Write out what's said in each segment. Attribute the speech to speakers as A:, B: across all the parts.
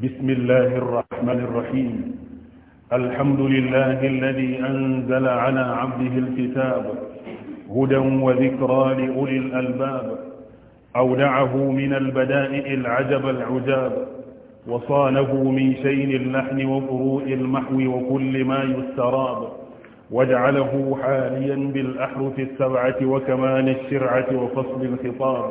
A: بسم الله الرحمن الرحيم الحمد لله الذي أنزل على عبده الكتاب هدى وذكرى لأولي الألباب أودعه من البدائع العجب العجاب وصانه من شين اللحن وفروء المحو وكل ما يستراب وجعله حاليا بالأحرف السبعة وكمان الشرعة وفصل الخطاب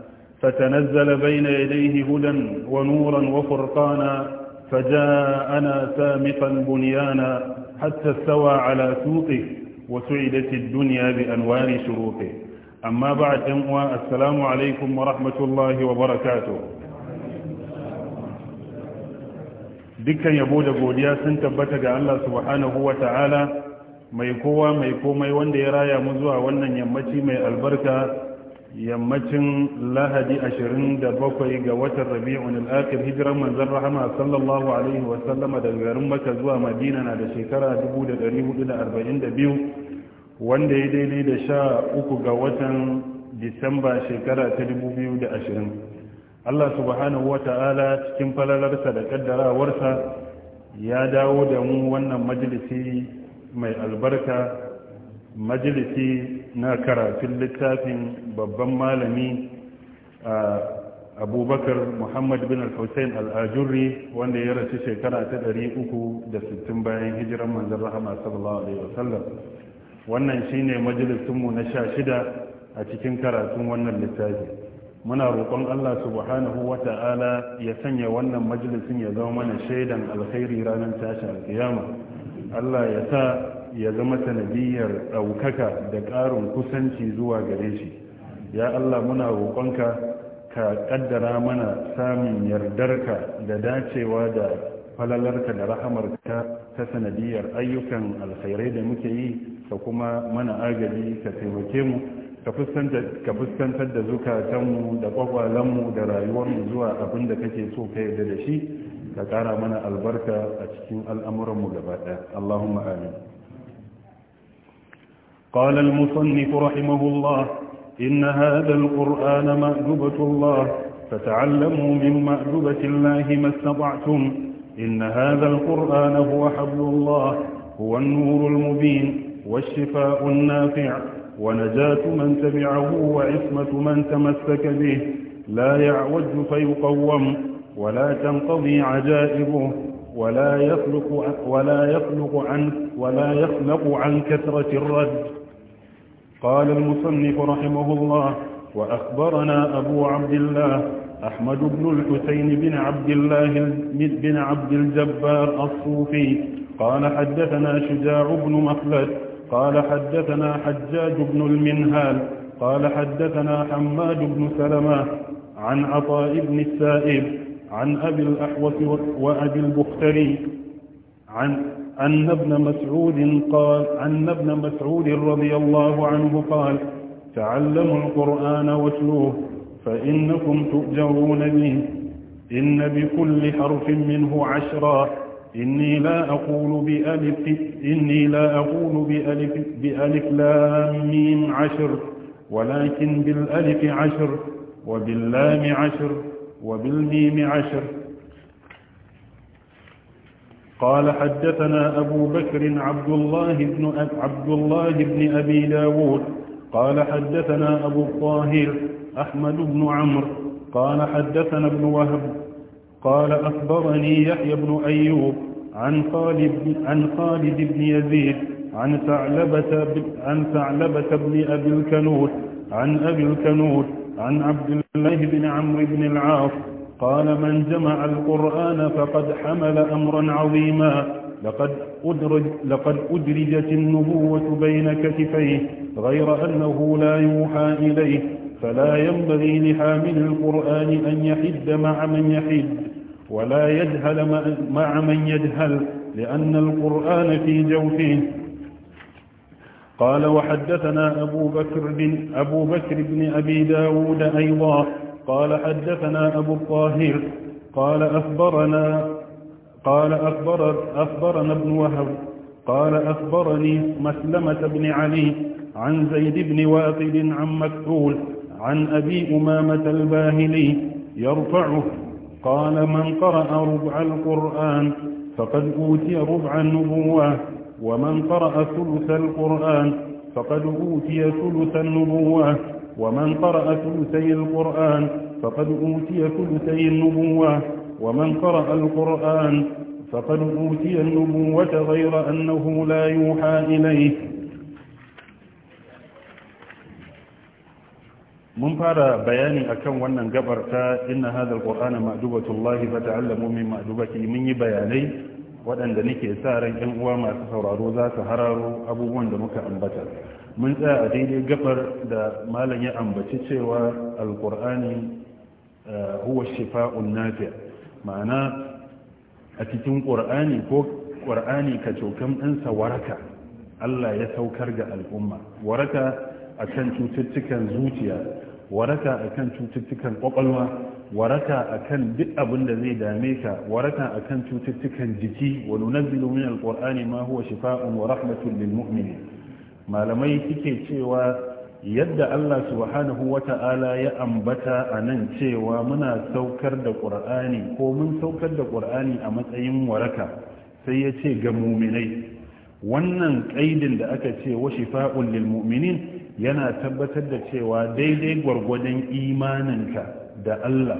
A: فتنزل بين يديه هدى ونورا وفرقانا فجاءنا سامقا بنيانا حتى استوى على سوقه وسعدت الدنيا بأنوار شروقه أما بعد أموى السلام عليكم ورحمة الله وبركاته dukkan yabo da godiya sun tabbata ga Allah subhanahu wa ta'ala mai kowa mai komai wanda ya raya mu yammacin lahadi 27 ga watan rabi'un al'akir hijiran manzan rahama sallallahu alaihi wasallama daga garin maka zuwa madina na da shekara 1442 wanda ya daidai da sha uku ga watan disamba shekara ta 2020 allah subhanahu wa ta'ala cikin falalarsa da kaddarawarsa ya dawo da mu wannan majalisi mai albarka majalisi na karatun littafin babban malami a abubakar muhammad bin al-hussein al-ajurri wanda ya rasu shekara ta 360 bayan hijiran manzan rahama sallallahu alaihi wasallam wannan shine majalisunmu na sha shida a cikin karatun wannan littafi muna roƙon allah subhanahu wa ta'ala ya sanya wannan majalisun ya zama mana shaidan alkhairi ranar tashin alkiyama allah ya sa ya zama sanadiyar ɗaukaka da ƙarin kusanci zuwa gare shi ya Allah muna roƙonka ka ƙaddara mana samun yardarka da dacewa da falalarka da rahamarka ta sanadiyar ayyukan alkhairai da muke yi ka kuma mana agaji ka taimake mu ka fuskantar da zukatanmu da kwakwalenmu da rayuwarmu zuwa abin da kake so ka yarda da shi ka ƙara mana albarka a cikin al'amuranmu gaba ɗaya allahumma amin قال المصنف رحمه الله إن هذا القرآن مأدبة الله فتعلموا من مأدبة الله ما استطعتم إن هذا القرآن هو حبل الله هو النور المبين والشفاء النافع ونجاة من تبعه وعصمة من تمسك به لا يعوج فيقوم ولا تنقضي عجائبه ولا يخلق ولا يخلق عن ولا يخلق عن كثرة الرد قال المصنف رحمه الله وأخبرنا أبو عبد الله أحمد بن الحسين بن عبد الله بن عبد الجبار الصوفي قال حدثنا شجاع بن مخلد قال حدثنا حجاج بن المنهال قال حدثنا حماد بن سلمة عن عطاء بن السائب عن أبي الأحوص وأبي البختري عن أن ابن مسعود قال أن ابن مسعود رضي الله عنه قال تعلموا القرآن واتلوه فإنكم تؤجرون به إن بكل حرف منه عشرا إني لا أقول بألف إني لا أقول بألف بألف لام ميم عشر ولكن بالألف عشر وباللام عشر وبالميم عشر قال حدثنا أبو بكر عبد الله بن عبد الله بن أبي داود قال حدثنا أبو الطاهر أحمد بن عمرو قال حدثنا ابن وهب قال أخبرني يحيى بن أيوب عن خالد عن خالد بن يزيد عن ثعلبة عن ثعلبة بن أبي الكنود عن أبي الكنود عن عبد الله بن عمرو بن العاص قال من جمع القرآن فقد حمل أمرا عظيما لقد, أدرج لقد أدرجت النبوة بين كتفيه غير أنه لا يوحى إليه فلا ينبغي لحامل القرآن أن يحد مع من يحد ولا يجهل مع من يجهل لأن القرآن في جوفه قال وحدثنا أبو بكر بن, أبو بكر بن أبي داود أيضا قال حدثنا أبو الطاهر قال أخبرنا قال أخبر أخبرنا ابن وهب قال أخبرني مسلمة بن علي عن زيد بن واقد عن مكحول عن أبي أمامة الباهلي يرفعه قال من قرأ ربع القرآن فقد أوتي ربع النبوة ومن قرأ ثلث القرآن فقد أوتي ثلث النبوة ومن قرأ ثلثي القرآن فقد أوتي ثلثي النبوة ومن قرأ القرآن فقد أوتي النبوة غير أنه لا يوحى إليه من فارى بياني أكم وأن انقبرت إن هذا القرآن مأدوبة الله فتعلموا من مأدوبتي مني بياني وأن دنيك سارا إن هو ما تفرروا ذات هرار أبو وندمك أنبتر mun tsaya a daidai gabar da malam ya ambaci cewa alkur'ani eh, huwa shifa'un nafiya. ma'ana a cikin ƙur'ani ko ƙur'ani ka cokan ɗinsa waraka allah ya saukar ga al'umma waraka a kan cututtukan zuciya waraka a kan cututtukan ƙwaƙwalwa waraka a kan duk abin da zai dame ka waraka a kan cututtukan jiki wa nunazzilu min Alƙur'ani ma huwa shifa'un wa rahmatun lil mu'minin malamai suke cewa yadda Allah subhanahu wa Ta'ala ya ambata a nan cewa muna saukar da ƙur'ani ko mun saukar da ƙur'ani a matsayin waraka sai ya ce ga muminai wannan ƙaidin da aka ce wa shifa'un lil mu'minin yana tabbatar da cewa daidai gwargwadon imaninka da Allah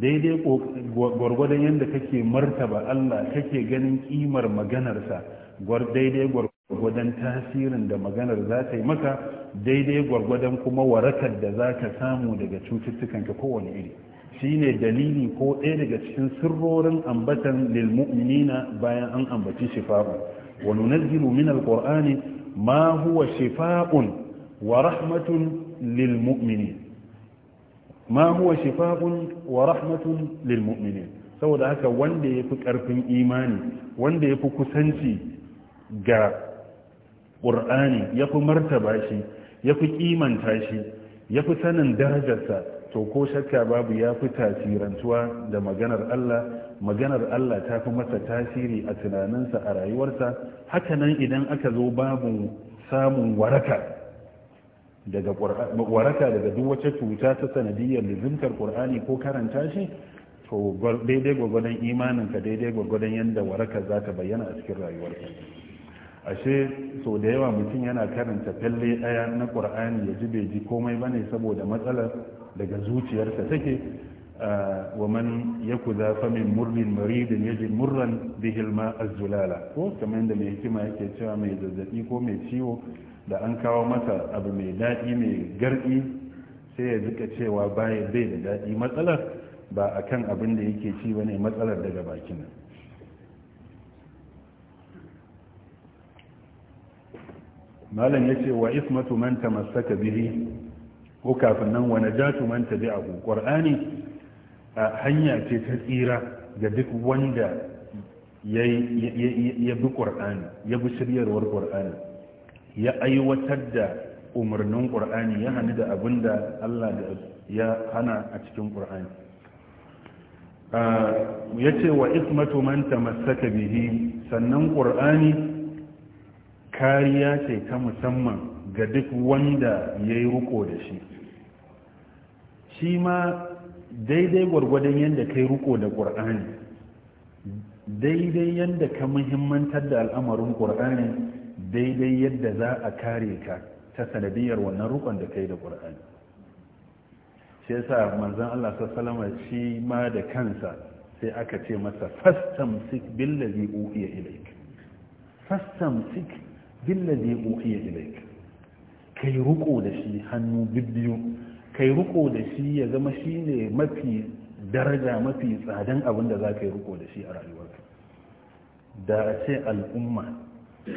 A: daidai gwargwadon yadda kake martaba Allah kake ganin ƙimar maganarsa daidai gwargwadon. gwargwadon tasirin da maganar za ta yi maka daidai gwargwadon kuma warakar da za ka samu daga cututtukanka kowane iri shi ne dalili ko ɗaya daga cikin sirrorin ambatan lilmu'minina bayan an ambaci shifa'un wa nunazzilu min alqur'ani ma huwa shifa'un wa rahmatun lilmu'minin ma huwa shifa'un wa rahmatun lilmu'minin saboda haka wanda yafi karfin imani wanda yafi kusanci ga ƙur'ani ya fi martaba shi ya fi ƙimanta shi ya fi sanin darajarsa to ko shakka babu ya fi tasirantuwa da maganar Allah maganar Allah ta fi masa tasiri a tunaninsa a rayuwarsa hakanan idan aka zo babu samun waraka daga waraka daga duk wacce cuta ta sanadiyyar lizimtar ƙur'ani ko karanta shi to daidai gwagwadon imaninka daidai gwagwadon yadda waraka za ta bayyana a cikin rayuwarka ashe so da yawa mutum yana karanta falle ɗaya na ƙur'ani ya ji bai ji komai ba saboda matsalar daga zuciyarsa take ah, wa man ya fa min murrin maridin ya murran bihi alma azzulala ko kamar yadda mai hikima yake cewa mai zazzabi ko mai ciwo da an kawo masa abu mai daɗi mai garɗi sai ya zika cewa baya bai da daɗi matsalar ba akan abin da yake ci bane matsalar daga bakin malam ce, wa ismatu man tamassaka bihi ko kafin nan wa najatu man tabi'ahu qur'ani hanya ce ta tsira ga duk wanda ya bi qur'ani ya bi shiryarwar qur'ani ya aiwatar da umarnin qur'ani ya hani da da Allah ya hana a cikin qur'ani ya ce wa ismatu man tamassaka bihi sannan qur'ani kariya ce ta musamman ga duk wanda ya yi ruko da shi shi ma daidai gwargwadon yadda ka yi ruko da ƙur'ani daidai yadda ka muhimmantar da al'amarin ƙur'ani daidai yadda za a kare ka ta sanadiyar wannan rukon da ka yi da ƙur'ani shi yasa manzon Allah sallama shi ma da kansa sai aka ce masa fastamsik billazi uhiya ilayk sik. billazi uhiya ilayka kai ruko da shi hannu bibbiyu kai ruko da shi ya zama shine mafi daraja mafi tsadan abin da za ka yi ruko da shi a rayuwarka da a ce al'umma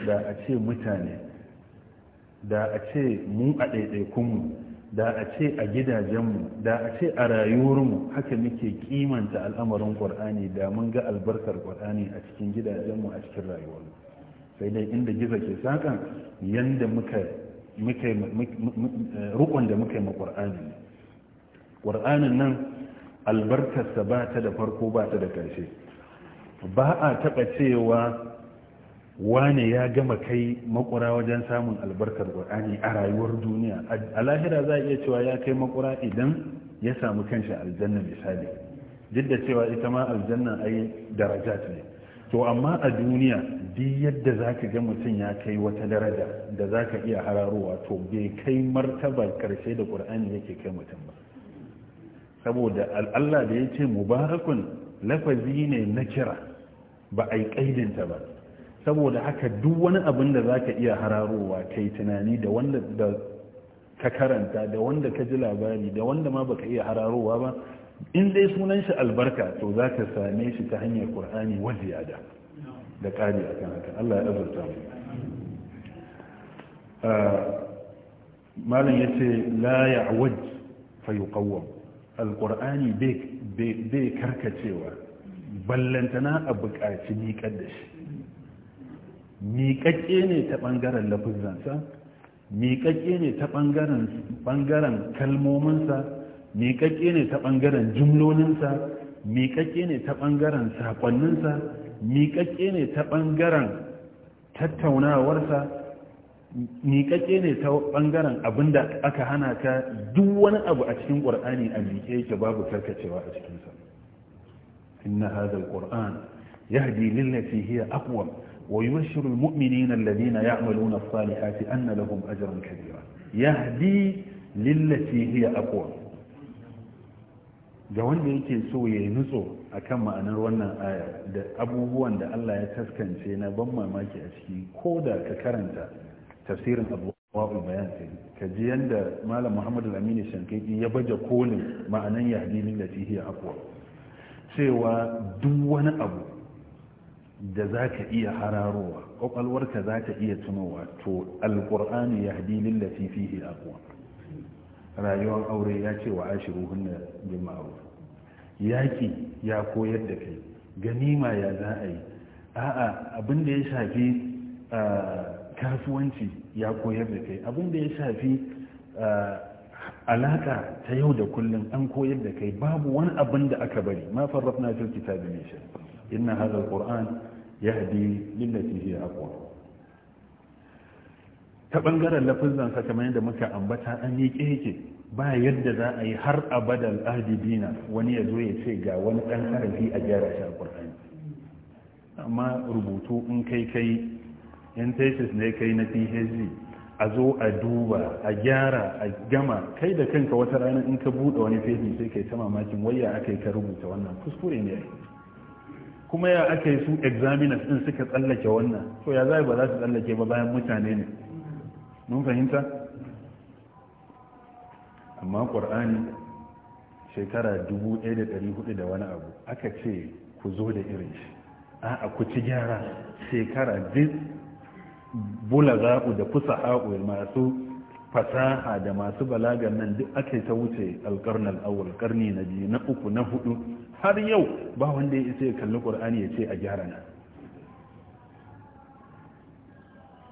A: da a ce mutane da a ce mu a ɗaiɗaikunmu da a ce a gidajenmu da a ce a rayuwarmu haka muke kimanta al'amarin ƙwar'ani da mun ga albarkar ƙwar'ani a cikin gidajenmu a cikin rayuwarmu sai dai inda gizo ke sakan yanda muka rukun da muka yi ma ne. ƙwar'anin nan albarkarsa ba ta da farko ba ta da ƙarshe ba a taɓa cewa wane ya gama kai makura wajen samun albarkar ƙur'ani a rayuwar duniya a lahira za a iya cewa ya kai makura idan ya samu kanshi aljanna misali duk da cewa ita ma aljanna ai daraja ne to amma a duniya duk yadda za ka ga mutum ya kai wata daraja da za ka iya hararowa to bai kai martaba karshe da ƙur'ani yake kai mutum ba saboda allah da ya ce mubarakun lafazi ne na kira ba a yi ƙaidinta ba saboda haka duk wani abin da za ka iya hararowa kai tunani da wanda da ka karanta da wanda ka ji labari da wanda ma baka iya hararowa ba in dai sunan shi albarka to za ka same shi ta hanyar ƙur'ani wajiyada da ƙari a kan haka allah ya azurta mu malam ya ce la ya waj fa kawon alƙur'ani bai karkacewa ballantana a buƙaci miƙar da shi miƙaƙƙe ne ta ɓangaren lafizansa miƙaƙƙe ne ta ɓangaren kalmominsa miƙaƙƙe ne ta ɓangaren jumloninsa miƙaƙƙe ne ta ɓangaren saƙonninsa miƙaƙƙe ne ta ɓangaren tattaunawarsa miƙaƙƙe ne ta ɓangaren abin da aka hana ka duk wani abu a cikin ƙwar'ani a miƙe yake babu karkacewa a cikinsa inna hadal ƙwar'an ya hadi lillafi hiya akwam wa yi mashirin mu'minina lalina ya amalu na salihati an na lahum ajiyar kabira ya hadi ga wanda yake so ya yi nutso akan ma'anar wannan aya da abubuwan da Allah ya taskance na ban mamaki a ciki ko da ka karanta tafsirin abubuwa bayan sai ka ji yadda malam muhammad al-amini shankaki ya baje kolin ma'anan yahdinin da hiya akwa cewa duk wani abu da za ka iya hararowa kwakwalwarka za ta iya tunowa to alkur'ani yahdinin da fihi akwa rayuwar aure ya ce wa ashiru hunna bin ma'ruf yaƙi ya koyar da kai ganima ya za a yi a'a abin da ya shafi kasuwanci ya koyar da kai abin da ya shafi alaka ta yau da kullum an koyar da kai babu wani abin da aka bari ma farrafna fil kitabi min shi. inna hadha alquran yahdi lillati hiya aqwa ta bangaren lafizansa kamar yadda muka ambata an yi keke ba yadda za a yi har abadal adibina wani ya zo ya ce ga wani ɗan harafi a gyara shi a ƙwarfani amma rubutu in kai kai in thesis ne kai na phd a zo a duba a gyara a gama kai da kanka wata rana in ka buɗe wani feji sai kai ta mamakin waya aka yi ka rubuta wannan kuskure ne kuma ya aka yi su examiners din suka tsallake wannan to ya zai ba za su tsallake ba bayan mutane ne mun fahimta amma ƙwar'ani shekara 1400 da wani abu aka ce ku zo da irin shi a ku ci gyara shekara duk bula zaɓu da kusa ha'u masu fasaha da masu balagar nan duk ake ta wuce alƙarnar awul ƙarni na biyu na uku na hudu har yau ba wanda ya isa ya kalli ƙwar'ani ya ce a gyara na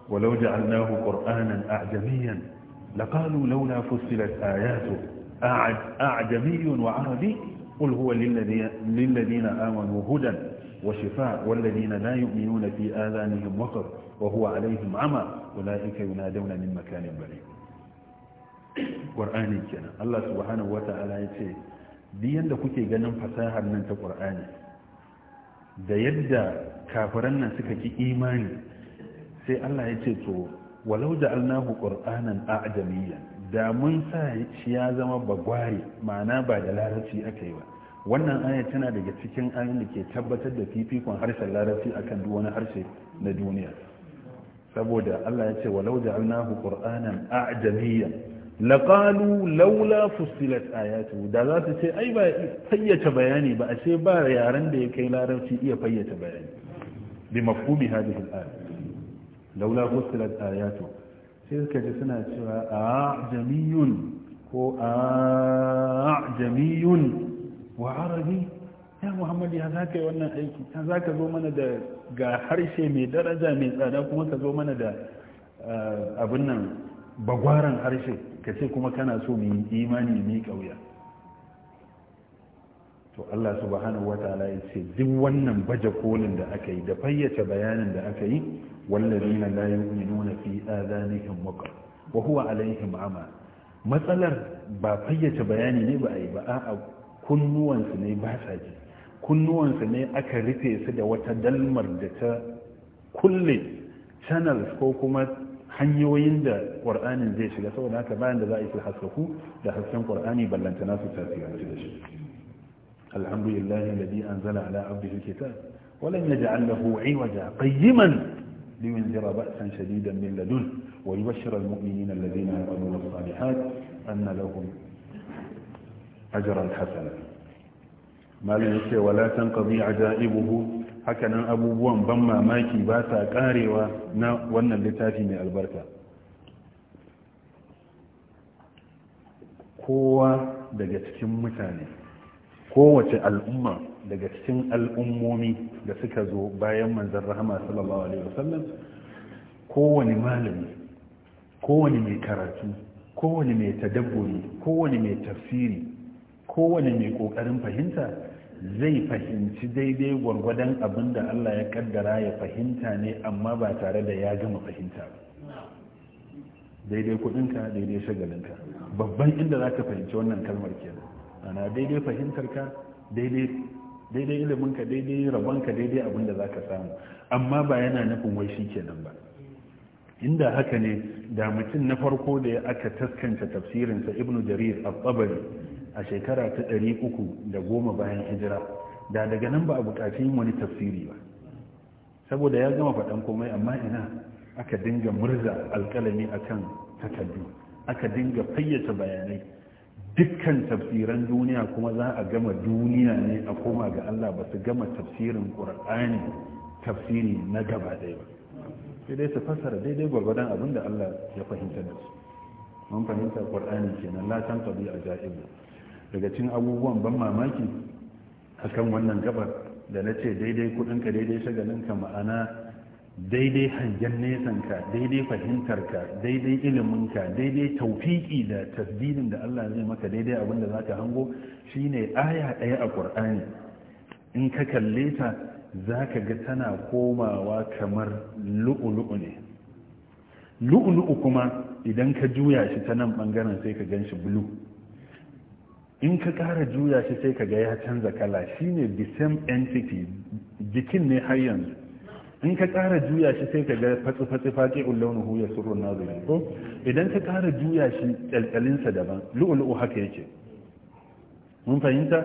A: ولو جعلناه قرآنا أعجميا لقالوا لولا فصلت آياته أعجمي وعربي قل هو للذين آمنوا هدى وشفاء والذين لا يؤمنون في آذانهم وقر وهو عليهم عمى أولئك ينادون من مكان بعيد قرآن كنا الله سبحانه وتعالى يتي دي يند كوكي ganin fasahar nan ta Qur'ani da yadda kafiran nan suka ki imani sai Allah ya ce to walau alnahu qur'anan ajamiyan da mun sa shi ya zama bagware ma'ana ba da larabci aka yi ba wannan aya tana daga cikin ayoyin da ke tabbatar da fifikon harshen larabci akan duk wani harshe na duniya saboda Allah ya ce walau ja'alnahu qur'anan a'jamiyyan laƙalu laula fusilat ayatu da za ta ce ai ba fayyace bayani ba a ce ba yaren da ya kai larabci iya fayyace bayani bi mafhumi hadhihi al ayah laula fussilat ayatu sai suka ji suna cewa a jamiyun ko a jamiyun wa arabi ya muhammad ya za ka yi wannan aiki ya za ka zo mana da ga harshe mai daraja mai tsada kuma ka zo mana da abin nan bagwaran harshe ka ce kuma kana so mai imani yi ƙauya to allah subhanahu wa ta'ala ya ce duk wannan baje kolin da aka yi da fayyace bayanin da aka yi wallazina la yu'minuna fi adanihim waqar wa huwa alaihim matsalar ba fayyace bayani ne ba a yi ba a'a kunnuwansu ne ba sa ji kunnuwansu ne aka rufe su da wata dalmar da ta kulle channels ko kuma hanyoyin da ƙwar'anin zai shiga saboda haka bayan da za a yi su haskaku da hasken ƙwar'ani ballantana su tasirance da shi alhamdulillahi alladhi anzala ala ya alkitab walam yaj'al lahu 'iwaja qayyiman لينذر بأسا شديدا من لدنه ويبشر المؤمنين الذين يعملون الصالحات أن لهم أجرا حسنا ما ليس ولا تنقضي عجائبه hakanan abubuwan ban mamaki ba sa karewa na wannan littafi mai albarka kowa daga cikin mutane kowace al'umma daga cikin al'ummomi da suka zo bayan manzan rahama sallallahu alaihi wasallam kowane malami kowane mai karatu kowane mai tadabburi kowane mai tafsiri kowane mai kokarin fahimta zai fahimci daidai gwargwadon abin da Allah ya kaddara ya fahimta ne amma ba tare da ya gama fahimta ba daidai kudinka daidai shagalinka babban inda za ka fahimci wannan kalmar kenan ana daidai fahimtarka daidai daidai iliminka daidai rabonka daidai abin da za ka samu amma ba yana nufin wai shi kenan ba inda haka ne da mutum na farko da ya aka taskanta tafsirinsa ibnu jarir a tabari a shekara ta ɗari uku da goma bayan hijira da daga nan ba a buƙaci yin wani tafsiri ba saboda ya gama faɗan komai amma ina aka dinga murza alƙalami akan takardu aka dinga fayyace bayanai dukkan tafsiran duniya kuma za a gama duniya ne a koma ga Allah ba su gama tafsirin ƙur'ani tafsiri na gaba ɗaya ba sai dai su fassara daidai gwargwadon abin da Allah ya fahimta da su mun fahimta ƙur'ani kenan la tan tabi a ja'ibu daga cin abubuwan ban mamaki a kan wannan gabar da na ce daidai kuɗinka daidai shagalinka ma'ana daidai hangen nesanka daidai fahimtarka daidai iliminka daidai taufiki da tasbirin da Allah zai maka daidai abin da za ka hango shine aya ɗaya a ƙur'ani in ka kalle ta ka ga tana komawa kamar lu'ulu'u ne lu'ulu'u kuma idan ka juya shi ta nan ɓangaren sai ka gan shi bulu. in ka ƙara juya shi sai ka ga ya canza kala shine the same entity jikin ne har yanzu in ka ƙara juya shi sai ka ga fatsi-fatsi faƙi launuhu ya surrun ne, ko idan ka ƙara juya shi ƙalƙalinsa daban lu'ulu'u haka yake mun fahimta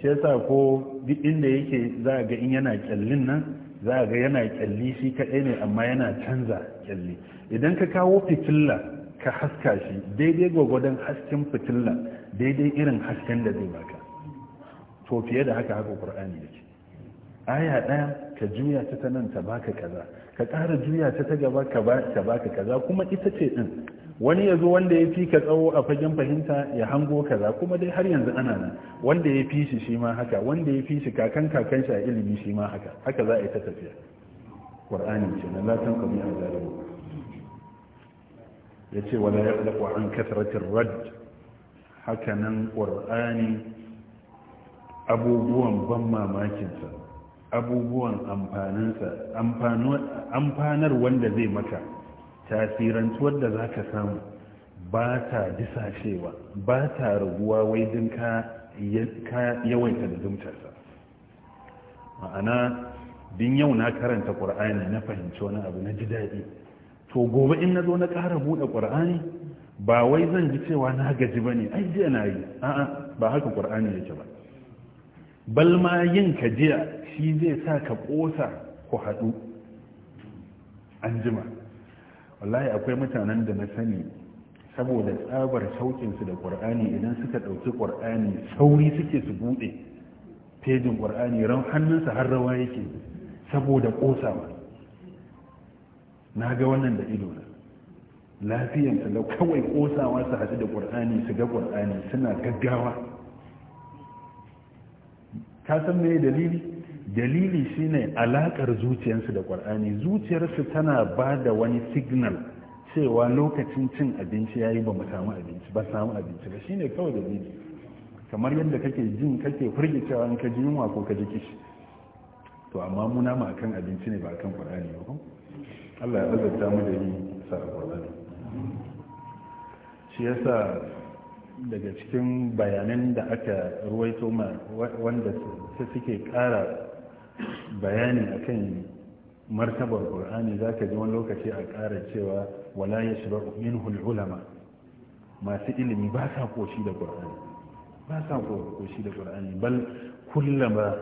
A: shi yasa ko duk inda yake za a ga in yana ƙyallin nan za a ga yana ƙyalli shi kaɗai ne amma yana canza ƙyalli idan ka kawo fitilla ka haska shi daidai gwagwadon hasken fitilla daidai irin hasken da zai baka to fiye da haka haka ƙur'ani yake aya ɗaya ka juya ta nan ta baka kaza ka ƙara juya ta ta gaba ka baka kaza kuma ita ce din wani ya wanda ya fi ka tsawo a fagen fahimta ya hango kaza kuma dai har yanzu ana nan wanda ya fi shi shi ma haka wanda ya fi shi kakan kakan shi a ilimi shi ma haka haka za a yi ta tafiya qur'ani ce na latan qami ya yace wala yaqlaqu an kathratir rad haka nan qur'ani abubuwan ban mamakin sa abubuwan amfaninsa amfanar wanda zai maka tasirantuwar da za ka samu ba ta disashewa ba ta raguwa wai din ka yawaita da zumtarsa ma'ana din yau na karanta ƙur'ani na fahimci wani abu na ji daɗi to gobe in na zo na ƙara buɗe ƙur'ani ba wai zan ji cewa na gaji ba ne ai jiya na yi a'a ba haka ƙur'ani yake ba balma yin kajiya shi zai sa ka ƙosa ku haɗu an jima wallahi akwai mutanen da na sani saboda tsabar su da ƙwar'ani idan suka ɗauki ƙwar'ani sauri suke su buɗe fejin ƙwar'ani ran hannunsa har rawa yake saboda ƙosawa na ga wannan da ido na lafiyansa da kawai ƙosawa su haɗu da ƙwar'ani su ga ƙwar'ani suna gaggawa ka san me dalili dalili shine alakar zuciyarsu da qur'ani zuciyarsu tana ba da wani signal cewa lokacin cin abinci yayi ba mu samu abinci ba samu abinci ba shine kawai dalili kamar yadda kake jin kake firgicewa in ka ji yunwa ko ka ji kishi to amma mu na akan abinci ne ba akan qur'ani ba Allah ya azabta mu da yi sa qur'ani shi yasa daga cikin bayanan da aka ruwaito ma wanda su suke ƙara bayani akan martabar ƙur'ani za ka ji wani lokaci a ƙara cewa wala ya shiga minhul ulama masu ilimi ba sa koshi da ƙur'ani ba sa koshi da bal kullama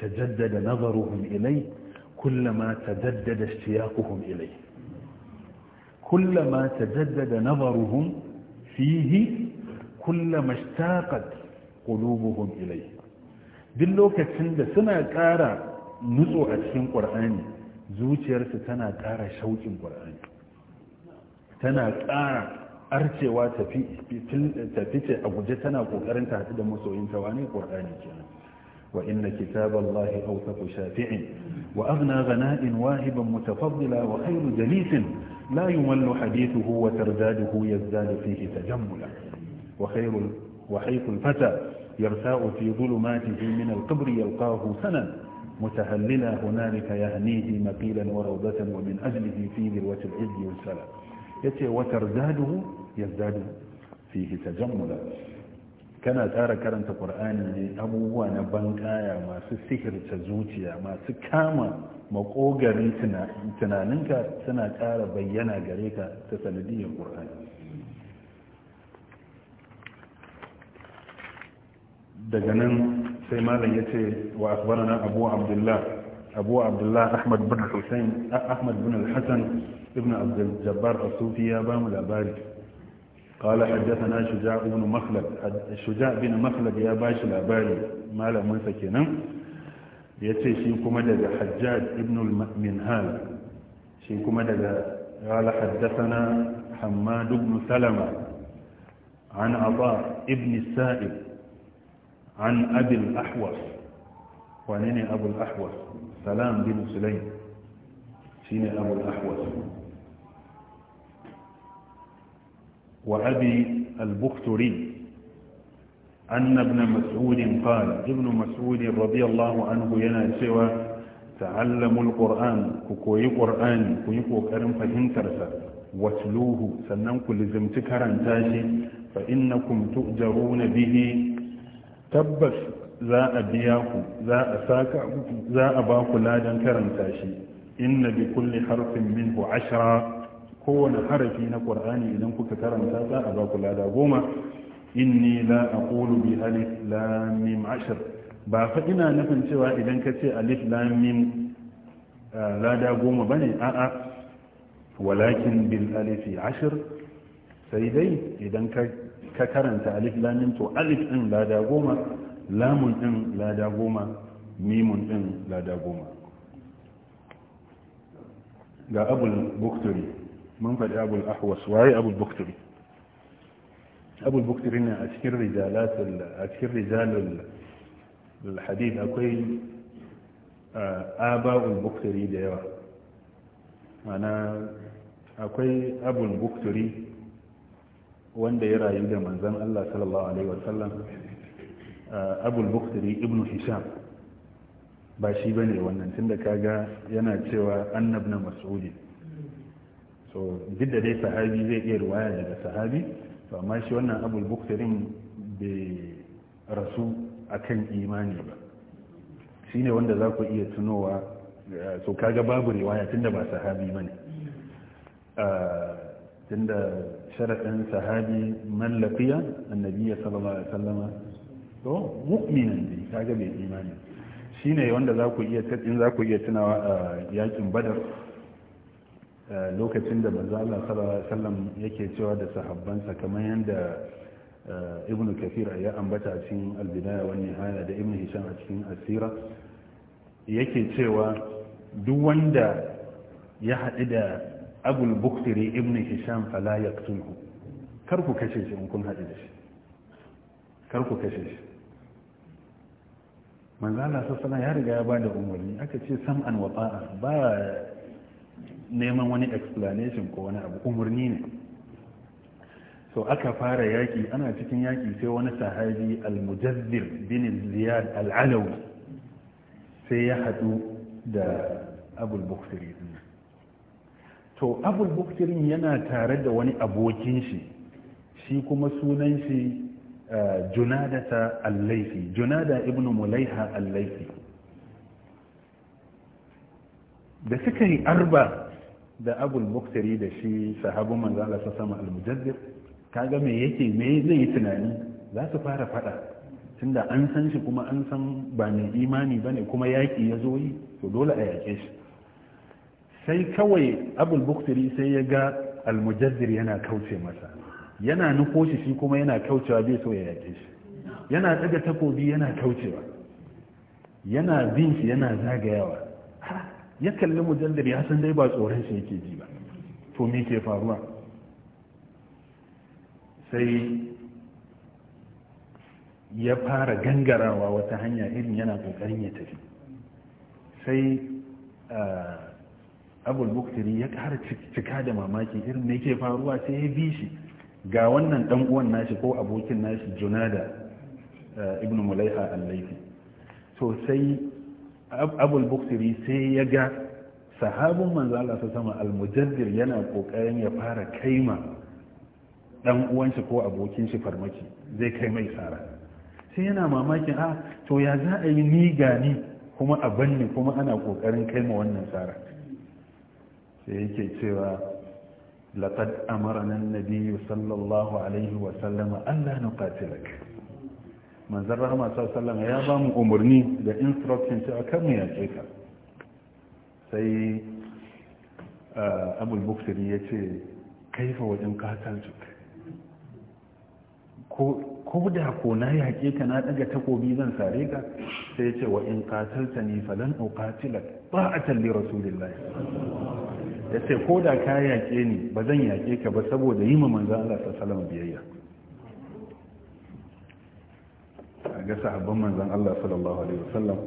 A: ta jaddada nazaruhum ilai kullama ta jaddada ishtiyaquhum ilai kullama ta jaddada nazaruhum fihi kullama shtaqat qulubuhum ilayhi duk lokacin da suna ƙara nutso a cikin ƙur'ani zuciyarsu tana ƙara shauƙin ƙur'ani tana ƙara arcewa tafi ce a guje tana ƙoƙarin ta haɗu da masoyinta wani ƙur'ani kenan wa inna kitab Allah ku shafi'in wa azna ghana'in wahiban mutafaddila wa khayru jalisin la yumallu hadithuhu wa tardaduhu yazdadu fihi tajammula وخير وحيث الفتى يرتاء في ظلماته من القبر يلقاه سنا متهللا هنالك يهنيه مقيلا وروضة ومن أجله في ذروة العز والسلام يتي وترزاده يزداد فيه تجملا كان تارا كرنت قرآن لأبوه نبنكايا ما في سسكر تزوتيا ما سكاما مقوغا لتنا تنا ننكا سنة تارا بينا غريكا تسندي القرآن daga nan sai malam ya ce wa akbarana abu abdullah أبو عبد الله أحمد بن حسين أحمد بن الحسن ابن عبد الجبار الصوفي يا بام الأباري قال حدثنا شجاع بن مخلد شجاع بن مخلد يا باش الأباري ما لا من يتي شيكم دجا حجاج ابن المنهال شيكم دجا قال حدثنا حماد بن سلمة عن عطاء ابن السائب an abin ahwas wane ne abul ahwas salam bin sulaim shi ne abul ahwas wa abi al-bukturi أن ابن مسعود قال ابن مسعود رضي الله عنه ينا سوى تعلموا القرآن كوكوي قرآن كوكو كرم فهمترسا واتلوه سننكو لزمتكرا تاشي فإنكم تؤجرون به tabbas za a biya ku za a saka za a ba ku ladan karanta shi inna bi kulli harfin minhu ashra kowane harafi na qur'ani idan kuka karanta za a ba ku lada goma inni la aqulu bi alif lam mim ashr ba fa ina nufin cewa idan ka ce alif lam mim lada goma bane a'a walakin bil alif ashr sai dai idan ka ka karanta alif lamin to alif din lada goma lamun din lada goma mimun din lada goma ga abul bukturi mun faɗi abul ahwas waye abul bukturi abul bukturi ne a cikin rijalatul a cikin rijalul hadith akwai aba'ul bukturi da yawa ana akwai abul bukturi wanda ya rayu da manzan Allah sallallahu alaihi wasallam uh, abul buktari ibn hisham ba shi ba ne wannan tunda kaga yana cewa Annab na mas'udi so duk da dai sahabi zai iya ruwaya daga sahabi to amma shi wannan abul bai rasu a kan imani ba shi ne wanda za ku iya tunowa uh, so kaga babu riwaya tunda ba sahabi ba ne uh, tunda sharaɗin sahabi mallakiya annabiya sallallahu alaihi wasallama to mu'minan ne mai imani shine wanda za ku iya in za ku iya tunawa a yakin badar lokacin da manzo Allah sallallahu alaihi wasallam yake cewa da sahabbansa kamar yanda ibn kafir ya ambata a cikin al-bidaya wa nihaya da ibn hisham a cikin asira yake cewa duk wanda ya haɗu da abul buktiri ibn hisham fala yaqtulhu kar ku kashe shi in kun haɗu da shi kar kashe shi manzo Allah sassana ya riga ya bada umarni aka ce sam'an wa ta'a ba neman wani explanation ko wani abu umarni ne to aka fara yaki ana cikin yaki sai wani sahabi al-mujazzir bin ziyad al-alawi sai ya haɗu da abul buktiri to abul buktirin yana tare da wani abokin shi shi kuma sunan shi eh, junada ta allaifi junada ibn mulaiha allaifi da suka yi arba da abul buktiri da shi sahabin manzo Allah sama al-mujaddid kaga me yake me zai yi tunani za su fara fada tunda an san shi kuma an san ba ne imani bane kuma yaki ya zo yi to dole a yake shi sai kawai abul buktiri sai ya ga almujaddir yana kauce masa yana nufo shi shi kuma yana kaucewa bai so ya yake shi yana daga takobi yana kaucewa yana bin shi yana zagayawa ya kalli mujaddir ya san dai ba tsoron shi yake ji ba to me ke faruwa sai ya fara gangarawa wata hanya irin yana kokarin ya tafi sai ah, abul buktiri ya kara cika da mamaki irin ne ke faruwa sai ya bi shi ga wannan dan uwan nashi ko abokin nashi junada eh, ibn mulaiha al-laifi to sai abul sai ya ga sahabin manzo Allah ta sama al-mujaddir yana kokarin ya fara kaima dan uwan shi ko abokin shi farmaki zai kai mai tsara sai yana mamakin a ah, to ya za a yi ni gani kuma a banni kuma ana kokarin kaima wannan tsara sai yake cewa lakat amarna an-nabiy sallallahu alaihi wa sallam alla nuqatilak manzon rahama sallallahu ya ba mu umarni da instruction cewa kar mu yace ka sai ah, abul ya ce kaifa wajen katalcuk ko da ko na yaƙe ka na ɗaga takobi zan sare ka sai ce wa in katalta ne falan uqatilak ba a talli rasulillahi ya ce ko da ka yaƙe ni ba zan yaƙe ka ba saboda yi ma manzan Allah ta biyayya a ga sahabban manzan Allah sallallahu alaihi wasallam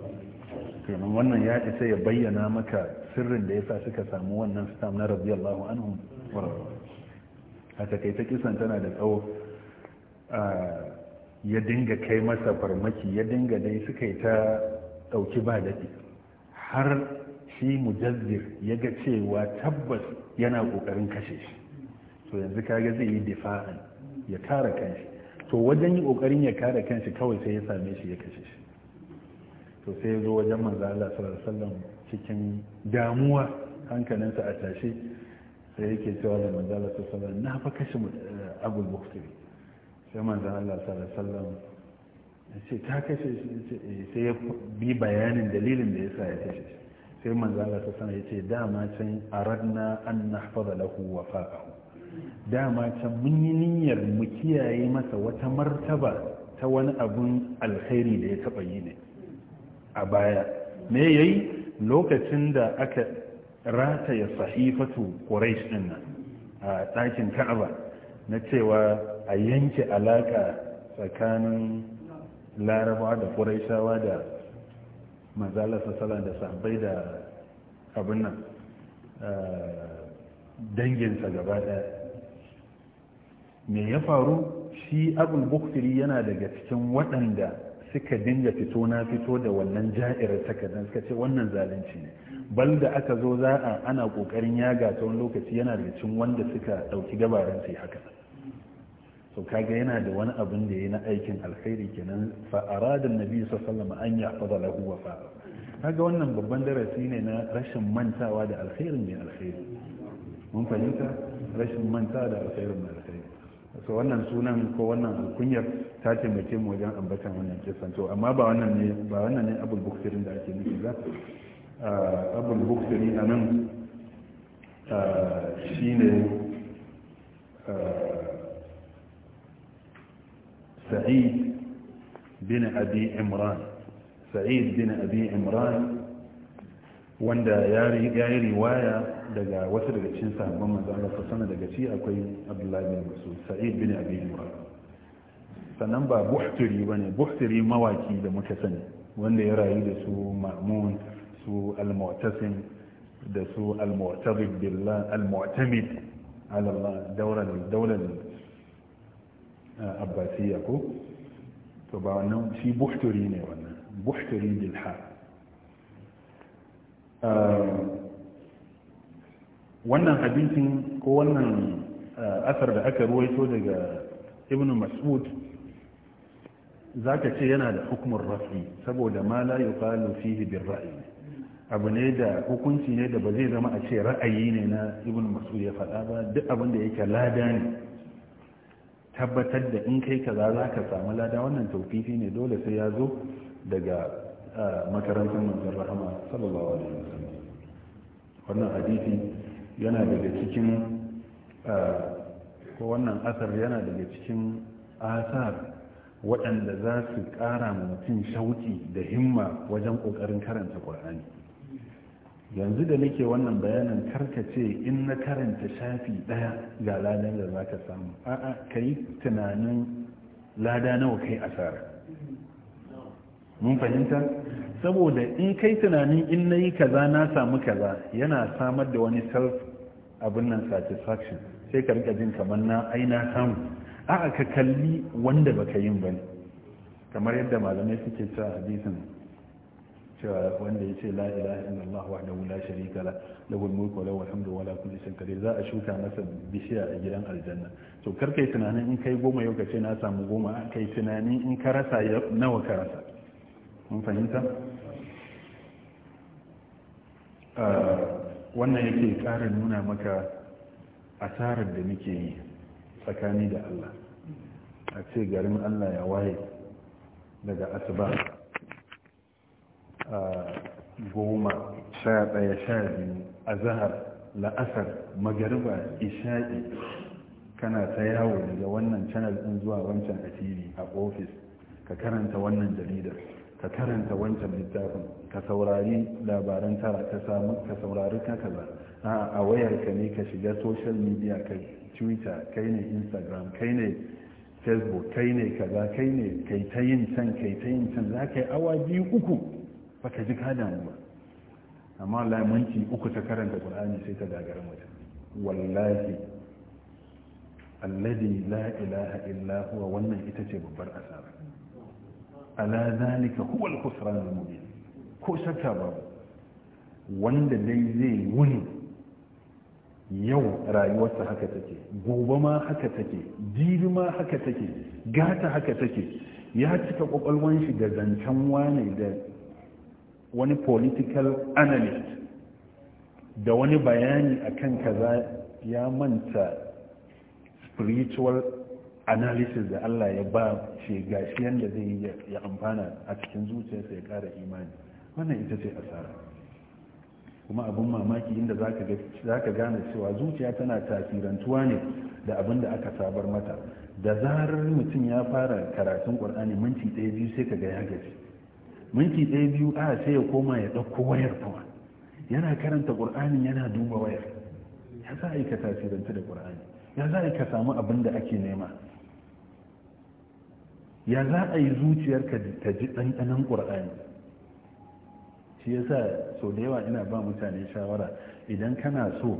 A: kenan wannan ya isa ya bayyana maka sirrin da ya sa suka samu wannan stam na radiyallahu anhu a takaita kisan tana da tsawo ya dinga kai masa farmaki ya dinga dai suka yi ta ɗauki ba daɗi har shi mujazzir ya ga cewa tabbas yana ƙoƙarin kashe shi to yanzu kaga zai yi difa'an ya kare kanshi to wajen yi ƙoƙarin ya kare kanshi kawai sai ya same shi ya kashe shi to sai ya zo wajen manzo Allah sallallahu alaihi wasallam cikin damuwa hankalinsa a tashe sai yake cewa da manzo Allah sallallahu alaihi wasallam na fa kashe eh, Abu Bakr sai manzo Allah sallallahu alaihi wasallam ya ce ta kashe shi eh, sai ya bi bayanin dalilin da yasa ya kashe shi sai manzo Allah ta sana yace dama can aradna an nahfaza lahu wafa'ahu dama can mun yi niyyar mu kiyaye masa wata martaba ta wani abun alkhairi da ya taba yi ne a baya me yayi lokacin da aka rataye sahifatu quraish din nan a ɗakin ka'aba na cewa a yanke alaka tsakanin larabawa da quraishawa da manzala sassala da sahabbai da abin nan eh, danginsa gaba ɗaya me ya faru shi abul bukfiri yana daga cikin waɗanda suka dinga fito na fito da wannan ja'irar takardar suka ce wannan zalunci ne bal da aka zo za a ana ƙoƙarin yaga ta wani lokaci yana da cikin wanda suka ɗauki gabaran su haka so kaga yana da wani abin da ya na aikin alkhairi kenan fa arada annabi sallallahu alaihi an yahfaza lahu wa fa kaga wannan babban darasi ne na rashin mantawa da alkhairin mai alkhairi mun fahimta rashin mantawa da alkhairin mai alkhairi so wannan sunan ko wannan alkunyar ta taimake mu wajen ambata wannan kisan to amma ba wannan ne ba wannan ne abul bukhari da ake nufi ba ah, abul bukhari anan ah, shine ah, سعيد بن أبي عمران سعيد بن أبي عمران wanda ya yi riwaya daga wasu daga cikin sahabban manzo Allah sallallahu daga ci akwai Abdullahi bin Mas'ud Sa'id bin Abi Imran sannan ba buhtiri bane buhtiri mawaki da muka sani wanda ya rayu da su Ma'mun su Al-Mu'tasim da su Al-Mu'tadib billah Al-Mu'tamid ala Allah daular abbasiya ko to ba wannan shi buhturi ne wannan buhturi bilha ah, wannan hadisin ko wannan ah, asar da aka ruwaito daga ibn mas'ud za ka ce yana da hukumar rafi saboda ma la yi ƙalu fihi bin ra'ayi abu ne da hukunci ne da ba zai zama a ce ra'ayi ne na ibn mas'ud ya faɗa ba duk abin da yake lada ne tabbatar da in kai kaza za ka samu lada wannan taufifi ne dole sai ya zo daga makarantar manzan rahama sallallahu alaihi wasallam wannan hadisi yana daga cikin ko wannan asar yana daga cikin asar waɗanda za su ƙara mutum shauki da himma wajen ƙoƙarin karanta ƙur'ani yanzu da nake wannan bayanin ce in na karanta shafi ɗaya ga ladan da za ka samu a'a ka yi tunanin lada nawa kai asara mun fahimta saboda in kai tunanin in na yi kaza na samu kaza yana samar da wani self abin nan satisfaction sai ka rika jin kamar na aina samu a'a ka kalli wanda baka ba ne. kamar yadda malamai suke cewa hadisin cewa wanda ya ce la ilaha illallah wahdahu la sharika la lahul mulku wa lahul wa la kulli shay'in qadir za a shuka masa bishiya a gidan aljanna to kar kai tunanin in kai goma yau ka ce na samu goma kai tunanin in ka rasa nawa ka rasa mun fahimta ah, wannan yake ƙara nuna maka asarar da muke yi tsakani da Allah a ce garin Allah ya waye daga asuba goma sha ɗaya sha biyu a zahar la'asar magariba isha'i kana ta yawo daga wannan channel ɗin zuwa wancan a tv a ofis ka karanta wannan jaridar ka karanta wancan littafin ka saurari labaran tara ka samu ka saurari ka kaza a wayarka ne ka shiga social media kai twitter kai ne instagram kai ne facebook kai ne kaza kai ne kai ta yin can kai ta yin can za ka yi awa biyu uku baka ji ka damu ba amma Allah uku ta karanta Qur'ani sai ta gagara mutum wallahi alladhi la ilaha illa huwa wannan ita ce babbar asara ala zalika huwa al-khusran al-mubin ko shakka babu wanda dai zai wuni yau rayuwarsa haka take gobe ma haka take jibi ma haka take gata haka take ya cika kwakwalwan shi da zancen wane da wani political analyst da wani bayani akan kaza ya manta spiritual analysis da Allah ya ba ce gashi yadda zai ya amfana a cikin zuciyarsa ya ƙara imani wannan ita ce asara kuma abin mamaki inda za ka gane cewa zuciya tana tasirantuwa ne da abin da aka sabar mata da zarar mutum ya fara karatun ƙwar'ani minti ɗaya biyu sai ka ga ya gaji minti ɗaya biyu a sai ya koma ya ɗauko wayar kuma yana karanta ƙur'anin yana duba wayar ya za a yi ka tasiranta da ƙur'ani ya za a yi ka samu abin da ake nema ya za a yi zuciyarka ta ji ɗanɗanon ƙur'ani shi ya sa sau da yawa ina ba mutane shawara idan kana so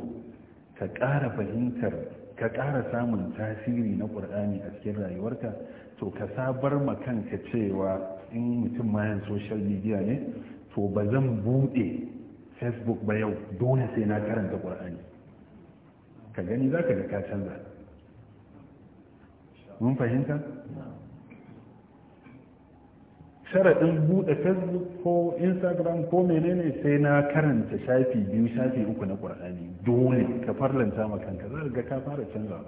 A: ka ƙara fahimtar ka ƙara samun tasiri na ƙur'ani a cikin rayuwarka to ka sabar ma kanka cewa in mutum mayan social media ne to ba zan buɗe facebook ba yau dole sai na karanta qur'ani ka gani za ka ga ka canza mun fahimta? sharaɗin buɗe facebook ko instagram ko menene sai na karanta shafi biyu shafi uku na ƙwar'ani dole ka farlanta makanka za ga ka fara canza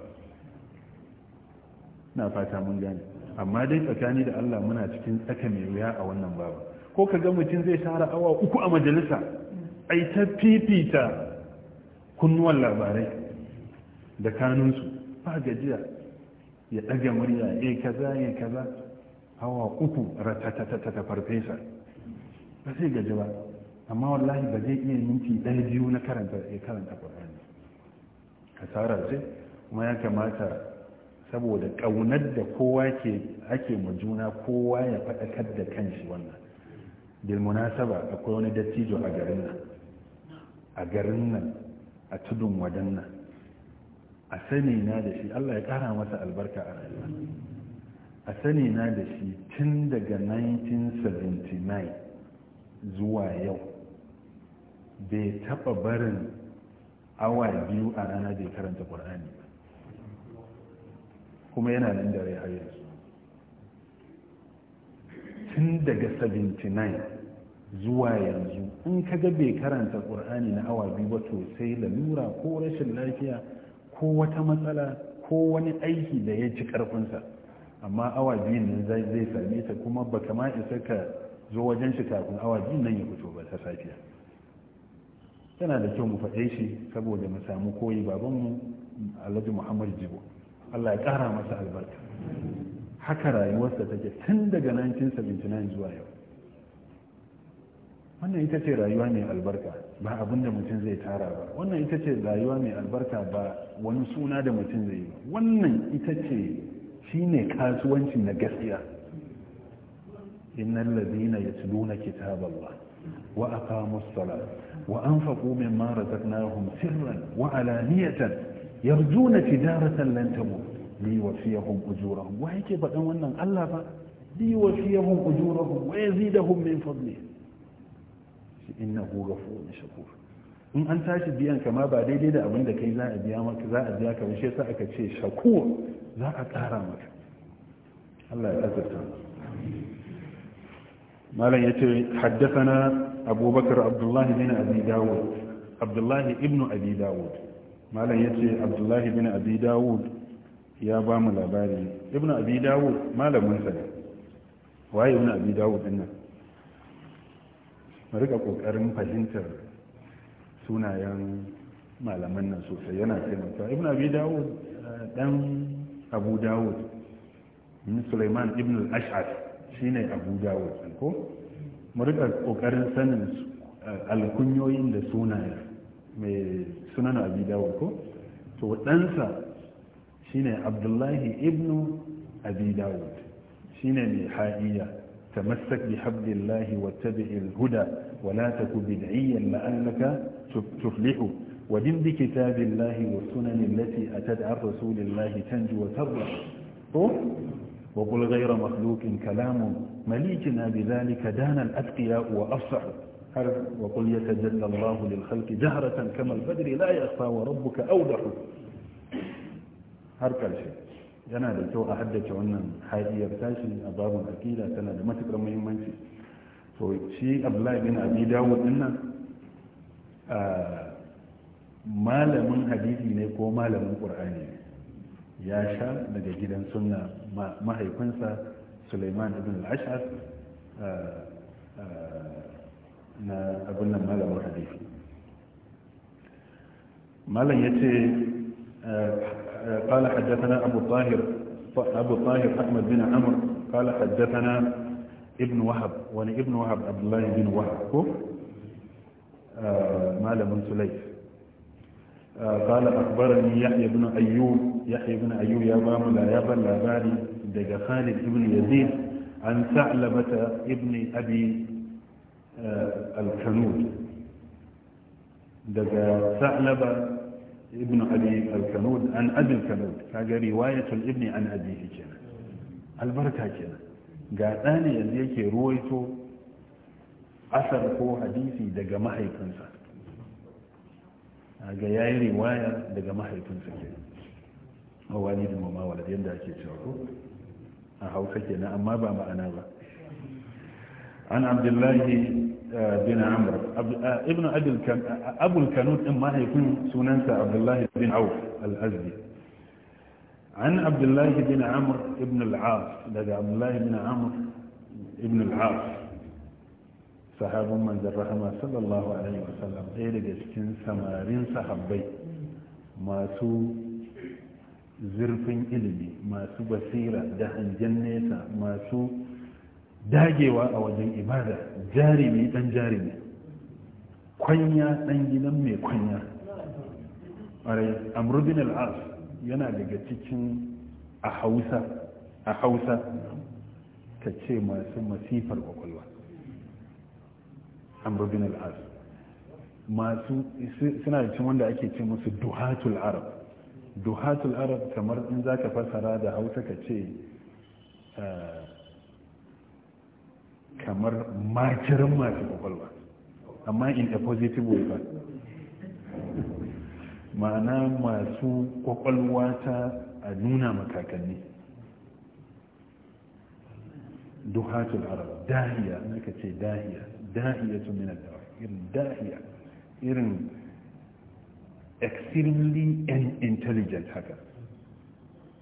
A: na fata mun gane amma dai tsakani da Allah muna cikin tsaka mai wuya a wannan babu ko ka ga mutum zai share awa uku a majalisa ai ta fifita kunnuwan labarai da kanunsu ba gajiya ya ɗaga murya ya eh, kaza ya eh, kaza hawa uku ratatatata farfesa ba sai gaji ba amma wallahi ba zai iya minti ɗaya biyu na karanta ya eh, karanta ƙwararri kasara ce kuma ya kamata saboda ƙaunar da kowa ke ake ma juna kowa ya faɗakar da kanshi wannan bil munasaba akwai wani dattijo a garin nan a garin nan a tudun wadan nan a sani na da shi Allah ya ƙara masa albarka a rayuwa a sani na da shi tun daga 1979 zuwa yau bai taɓa barin awa biyu a rana bai karanta ƙwar'ani ba kuma yana nan da rai har yanzu tun daga 79 zuwa yanzu in ka ga bai karanta ƙur'ani na awa biyu ba sosai sai lalura ko rashin lafiya ko wata matsala ko wani aiki da ya ci ƙarfinsa amma awa biyu nan zai same ta kuma ba kama isa ka zo wajen shi kafin awa biyu nan ya fito ba ta safiya yana da kyau mu faɗe shi saboda mu samu koyi babanmu alhaji muhammad jibo Allah ya ƙara masa albarka haka rayuwarsa take tun daga 1979 zuwa yau wannan ita ce rayuwa mai albarka ba abin da mutum zai tara ba wannan ita ce rayuwa mai albarka ba wani suna da mutum zai yi wannan ita ce shi ne kasuwanci na gaskiya innan ladina ya na kitaballah wa aqamus salat wa Mara mimma razaqnahum sirran wa alaniyatan yarjuna tijaratan lan tamut li wasiyahum ujurahum wa yake faɗan wannan Allah ba li wasiyahum ujurahum wa yazidahum min fadlihi innahu ghafurun shakur in an tashi biyan kama ba daidai da abin da kai za a biya maka za a biya ka shi yasa aka ce shakur za a ƙara maka Allah ya azurta malam yace haddathana abubakar abdullahi bin abi dawud abdullahi ibnu abi dawud malam ya ce abdullahi bin abi dawud ya ba mu labari ibn abi dawud malaminsa ne waye ibn abi dawud din nan rika kokarin fahimtar sunayen malaman nan sosai yana taimaka ibn abi dawud dan abu dawud suleiman ibn al shi shine abu dawud ko mu rika kokarin sanin eh, alkunyoyin da sunayen mai sunan abi dawud ko to ɗansa shine abdullahi ibnu abi dawud shine mai ha'iya ta bi habdillahi watabi tabi'il huda wala ta taku bid'iyyan la'allaka tuflihu wa din bi kitabillahi wa sunan allati atad ar rasulillahi tanju wa tarda ko wa qul ghayra makhluqin kalamu na bi dhalika dana al-atqiya wa afsahu har wa ta yatajalla Allahu lil khalqi jahratan kama al badri la yakhfa wa rabbuka awdahu har karshe yana da kyau a haddace wannan hadiyar tashi a babun akida tana da matukar muhimmanci to shi abdullahi bin abi dawud din nan malamin hadisi ne ko malamin qur'ani ne ya sha daga gidan sunna mahaifinsa suleiman ibn al-ash'ar na abin nan malamar hadisi malam ya ce قال حدثنا أبو طاهر أبو طاهر أحمد بن عمر قال حدثنا ابن وهب وأنا ابن وهب عبد الله بن وهب مال بن سليف قال أخبرني يحيى بن أيوب يحيى بن أيوب يا بام لا يابا لا باري دق خالد بن يزيد عن ثعلبة ابن أبي آه، الكنود دقى ثعلب ابن أبي الكنود عن أبي الكنود فقال رواية الابن عن ابي جنة البركة جنة قال أنا يزيك رويته أثر هو حديثي دقى ما هي كنسا آه، قال يا رواية دقى ما هي كنسا هو والد وما ولد يندعك يتعرف أحاوسك أنا أما بما أنا بقى عن عبد الله آه، بن عمرو آه، ابن أبي الكن... أبو الكنود إما هيكون سنانة عبد الله بن عوف الأزدي عن عبد الله بن عمرو بن العاص لدى عبد الله بن عمرو بن العاص صحاب من رحمه صلى الله عليه وسلم غير إيه لجسكين سمارين صحابي ما سو زرفين إلمي ما سو بسيرة دهن جنة ما سو dagewa a wajen ibada jarumi dan jarumi kwanya dan gidan mai kwanya ƙwarai amrudin al'as yana daga cikin a hausa a hausa ka ce masu masifar kwakwalwa amrudin al'as masu suna da cin wanda ake ce musu duhatul arab duhatul arab kamar in za ka fasara da hausa ka ce eh, kamar makirin masu kwakwalwa amma in a positive way ba ma'ana masu kwakwalwa ta a nuna makakanni duhatul arab dahiya na ka ce dahiya dahiya tun nuna da irin dahiya irin extremely intelligent haka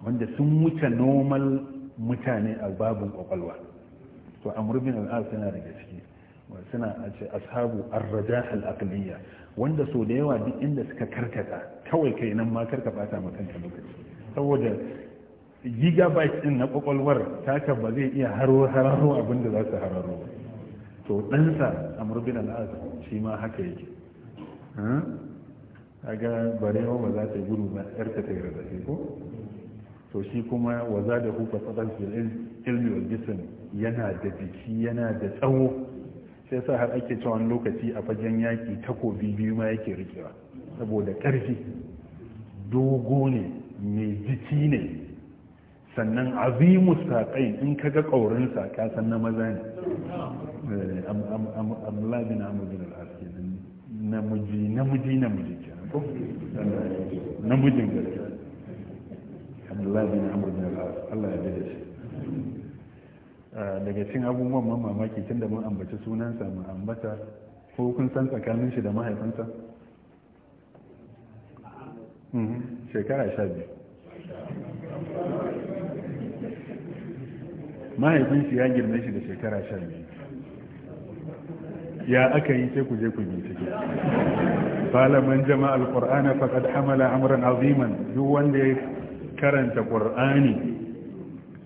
A: wanda sun wuce normal mutane a babin kwakwalwa to amr bin al yana daga ciki suna a ce ashabu ar al wanda so da yawa duk inda suka karkata kawai kai nan ma karka bata maka lokaci saboda gigabyte din na kwakwalwar taka ba zai iya haro hararo abin da za su hararo to dansa amr bin al shi ma haka yake hmm? kaga barewa ba za ta gudu ba yarta ta yarda ko to shi kuma wa da ku fasadan fil ilm ilmi wal jism yana da jiki yana da tsawo sai sa har ake cewa lokaci a fagen yaki takobi biyu ma yake rikewa saboda ƙarfi dogo ne mai jiki ne sannan azimu saƙai in ka ga ƙaurin saƙa sannan maza ne Allah ya shi daga cin abubuwan mamaki tun da mun ambaci sunansa mu ambata ko kun san tsakanin shi da mahaifinsa mhm, shekara sha biyu mahaifin shi ya girme shi da shekara sha biyu ya aka yi sai ku je ku yi bincike falaman jama'al qur'ana faqad hamala amran aziman duk wanda ya karanta qur'ani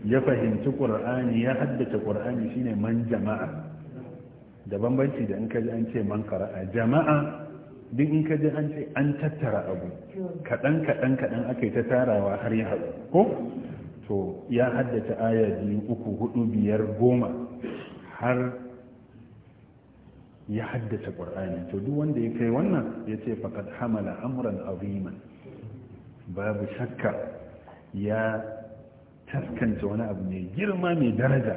A: ya fahimci ƙur'ani ya haddace qur'ani shine man jama'a da bambanci da in ka ji an ce man kara'a jama'a duk in ka ji an ce an tattara abu kaɗan kaɗan kaɗan aka yi ta tarawa har ya haɗu ko to ya haddace aya biyu uku hudu biyar goma har ya haddace ƙur'ani to duk wanda ya kai wannan ya ce faƙad hamala amuran aziman babu shakka ya taskanta wani abu mai girma mai daraja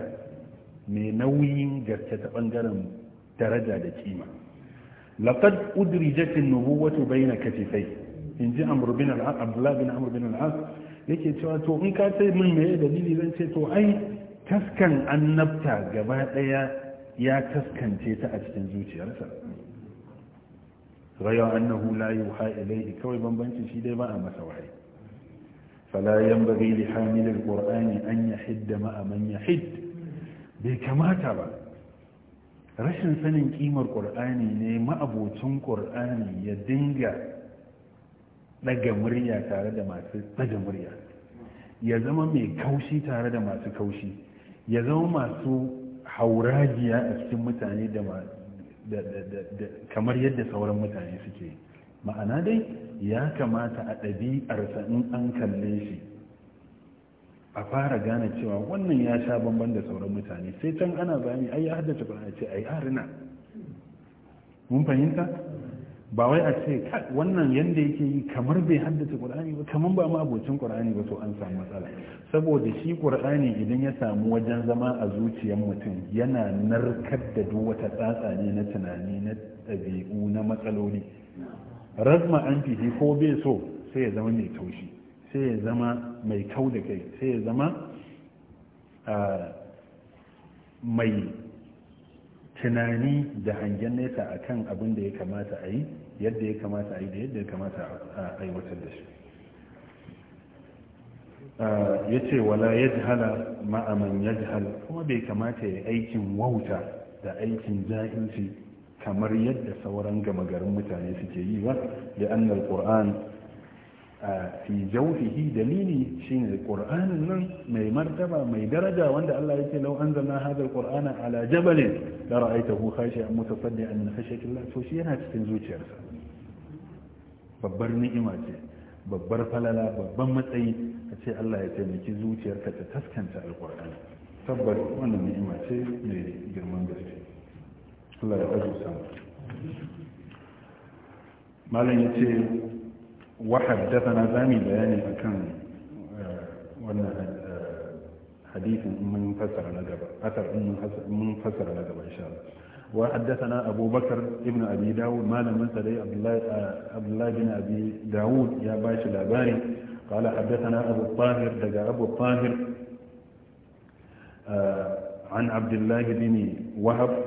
A: mai nauyin gaske ta bangaren daraja da kima laqad udrijat an-nubuwwatu bayna katifai in ji amr al-as abdullah bin al-as yake cewa to in ka ce min me dalili zan ce to ai taskan annabta gaba daya ya taskance ta a cikin zuciyarsa rayu annahu la yuha ilayhi kawai bambanci shi dai ba a masa wahayi فلا ينبغي لحامل القرآن أن يحد مع من يحد بكماتا با rashin sanin kimar ƙur'ani ne ma'abocin ƙur'ani ya dinga ɗaga murya tare da masu ɗaga murya ya zama mai kaushi tare da masu kaushi ya zama masu hauragiya a cikin mutane da kamar yadda sauran mutane suke yi ma'ana dai ya kamata a ɗabi'arsa in an kalle shi a fara gane cewa wannan ya sha bamban da sauran mutane sai can ana bayani ai ya haddace ba a ce ai harina mun fahimta ba wai a ce wannan yadda yake yi kamar bai haddace ƙur'ani ba kamar ba ma abocin ƙur'ani ba so an samu matsala saboda shi ƙur'ani idan ya samu wajen zama a zuciyar mutum yana narkar da duk wata tsatsa ne na tunani na ɗabi'u na matsaloli ragma an fihi ko bai so sai ya zama mai taushi sai ya zama mai kau da kai sai ya zama mai tunani da hangen nesa a kan abin da ya kamata a yi yadda ya kamata a yi da yadda ya kamata a aiwatar da shi ya ce wala ya jihala ma'aman ya hala kuma bai kamata ya aikin wauta da aikin jahilci kamar yadda sauran gama garin mutane suke yi ba da annal qur'an fi jawfihi dalili shine qur'anin nan mai martaba mai daraja wanda Allah yake law anzalna hadha alqur'ana ala jabalin la ra'aytahu khashi'an mutasaddian min khashyati Allah to shi yana cikin zuciyarsa babbar ni'ima ce babbar falala babban matsayi a ce Allah ya taimaki zuciyarka ta taskanta alqur'ani tabbas wannan ni'ima ce mai girman gaske Allah ya azurta malam ya ce wa zami bayani akan eh, wannan eh, hadisin mun fassara na gaba asar mun fassara na gaba insha Allah wa أبو بكر ابن أبي abi dawud malamin ينسى عبد الله بن أبي داود يا باشا الأباري قال حدثنا أبو الطاهر دقى أبو الطاهر آه عن عبد الله بن وهب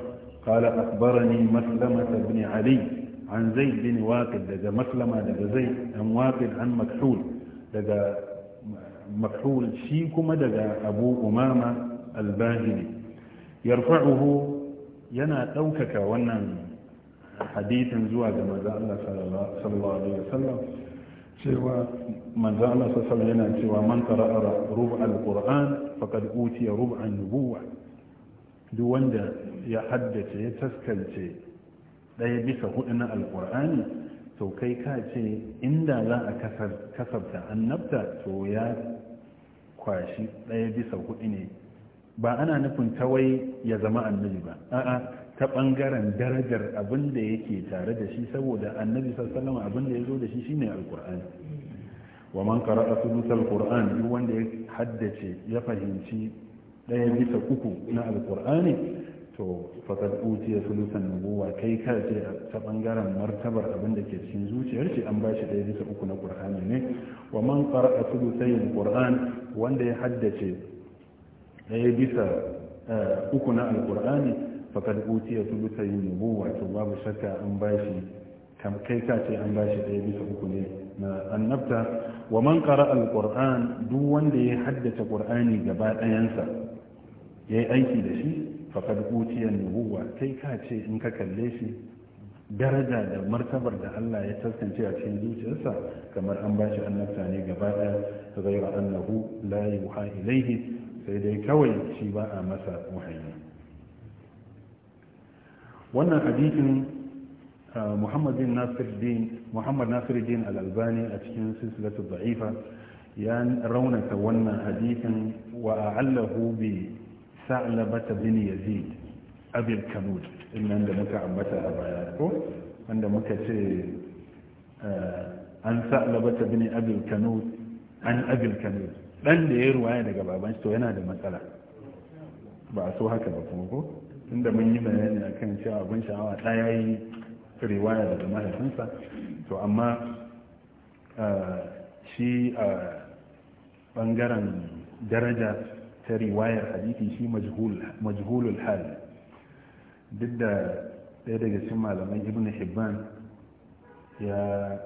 A: قال أخبرني مسلمة بن علي عن زيد بن واقد دقى مسلمة دقى زيد عن واقد عن مكحول دقى مكحول شيكما دقى أبو أمامة الباهلي يرفعه ينا توكك ونن حديث زوى كما الله صلى الله عليه وسلم cewa manzo Allah sallallahu alaihi wasallam yana cewa man qara'a rub'al qur'an faqad utiya rub'an nubuwah duk wanda ya haddace ya taskance ɗaya bisa hudu na alkur'ani to kai ka ce inda za a kasarta annabta to ya kwashi ɗaya bisa hudu ne ba ana nufin tawai ya zama annabi ba a'a ta ɓangaren darajar abin da yake tare da shi saboda annabi sallama abin da ya zo da shi shine alkur'ani wa man qara'a sulusal qur'an duk wanda ya haddace ya fahimci ɗaya bisa uku na alkur'ani to fakat utiya sulusan nubuwa kai ka ce ta bangaren martabar abin da ke cikin zuciyar ce an bashi ɗaya bisa uku na ƙur'ani ne wa man qara'a sulusayn qur'an wanda ya haddace ɗaya bisa eh, uku na alkur'ani fakat utiya sulusayn nubuwa to babu shakka an bashi kai ka ce an bashi ɗaya bisa uku ne na annabta wa man ƙara alqur'an duk wanda ya haddace ƙur'ani gaba ɗayansa ya yi aiki da shi faƙad hutiyar nubuwa kai ka ce in ka kalle shi daraja da martabar da Allah ya taskance a cikin zuciyarsa kamar an bashi annabta ne gaba ɗaya ta wa annabu la wuha ilaihi sai dai kawai shi ba a masa wahayi wannan hadisin ah, Muhammad bin Nasiruddin Muhammad Nasiruddin Al-Albani a cikin silsilatu da'ifa ya raunata wannan hadisin wa a'allahu bi sa'labata bin yazid abin kanud innan da muka ambata a baya ko wanda muka ce eh, an sa'labata bin abin kanud an abin kanud dan da ya ruwaya daga baban shi to yana da matsala ba a so haka ba kuma ko inda mun yi bayani akan cewa abin sha'awa ɗaya yi riwaya daga mahaifinsa to amma eh, shi a ɓangaren daraja ta riwayar hadisi shi majhulul hal duk da ɗaya daga cikin malaman ibn hibban ya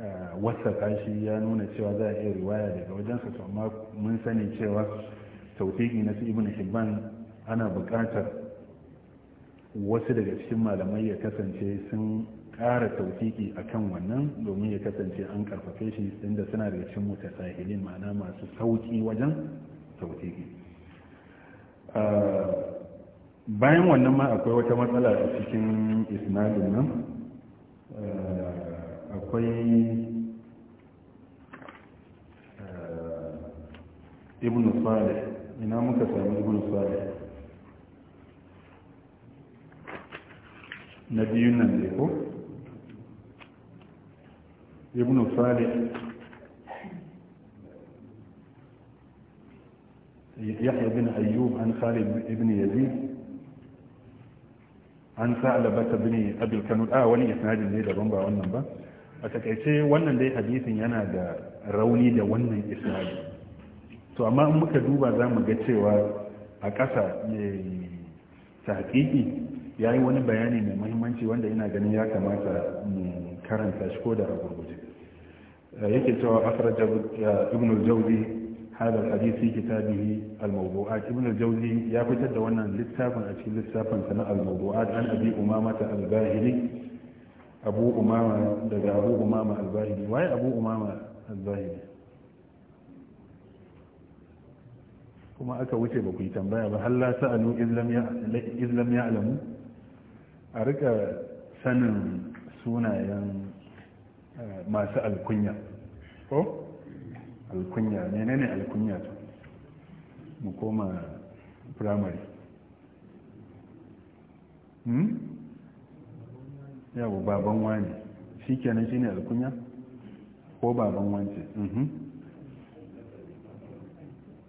A: eh, wasa shi ya nuna cewa za a iya riwaya daga wajensa to amma mun sani cewa tautiki na su ibn hibban ana buƙatar wasu daga cikin malamai ya kasance sun ƙara tautiki a kan wannan domin ya kasance an ƙarfafe shi inda suna daga cikin mutasahilin ma'ana masu sauƙi wajen tautiki ah, bayan wannan ma akwai wata matsala a cikin isnadin nan ah, akwai ah, ibn salih ina muka sami ibn salih na biyun nan ne ko ibn salih يحيى بن أيوب عن خالد بن يزيد an sa'alabata bin abul kanud a ah, wani isnadin ne daban ba wannan ba a takaice wannan dai hadisin yana da rauni da wannan isnadi to amma in muka duba za mu ga cewa a ƙasa mai tahqiqi ya yi wani bayani mai muhimmanci wanda ina ganin ya kamata mu karanta shi ko da a gurguje eh, yake cewa asraja eh, ibn al-jawzi هذا الحديث في كتابه الموضوعات ابن الجوزي يا فتد وانا لسافا اشي لسافا سنة الموضوعات عن ابي امامة الباهلي ابو امامة دقى ابو امامة الباهلي وهي ابو امامة الباهلي kuma aka wuce ba ku yi tambaya ba halla sa'alu islam ya alamu a rika sanin sunayen masu alkunya ko alkunya ne alkunya to mu koma primary hmm yawo baban wani shi kenan shine alkunya ko baban wance mm-hmm.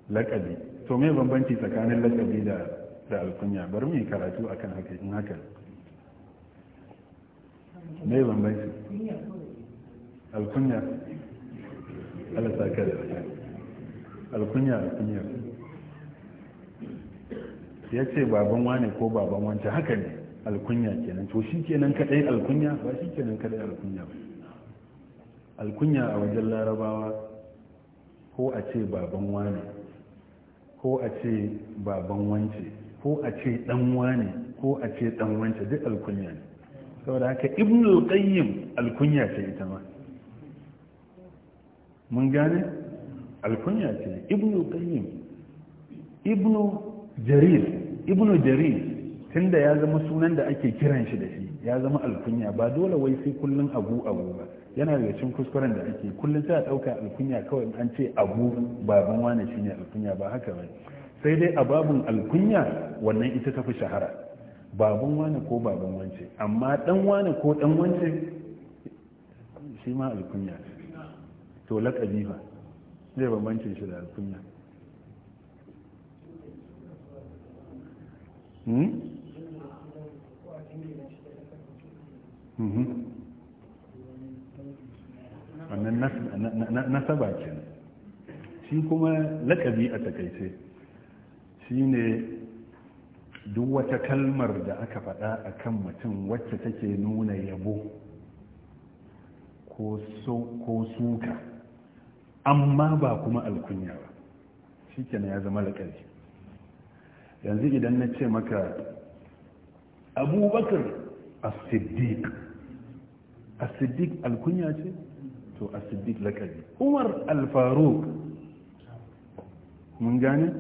A: lakabi to me bambanci tsakanin lakabi da da alkunya bari mu yi karatu akan haka in haka me bambanci alkunya Allah da alkunya alkunya ya ce baban wane ko baban wancan haka ne alkunya kenan to shi kenan kadai alkunya ba shi kenan kadai alkunya ba alkunya a wajen larabawa ko a ce baban wane ko a ce baban wance ko a ce dan wane ko a ce dan wance duk alkunya ne saboda haka ibnul al-qayyim alkunya ce ita ma mun gane alkunya ce ibnu qayyim ibnu jarir ibnu jarir tunda ya zama sunan da ake kiran shi da shi ya zama alkunya ba dole wai sai kullun abu abu ba yana daga cikin kuskuren da ake kullun sai a dauka alkunya kawai an ce abu baban wani shine alkunya ba haka ba sai dai a babun alkunya wannan ita tafi shahara baban wani ko baban wance amma dan wani ko dan wance shi ma alkunya to laƙabi ba zai bambance shi da alkunya hmm? Hmm? wannan nasaba ce shi kuma laƙabi a takaice shi ne duk wata kalmar da aka faɗa akan mutum wacce take nuna yabo ko suka amma ba kuma alkunya ba shi ya zama lakabi yanzu idan na ce maka abubakar as-siddiq alkunya ce to as-siddiq laƙari umar al mun gane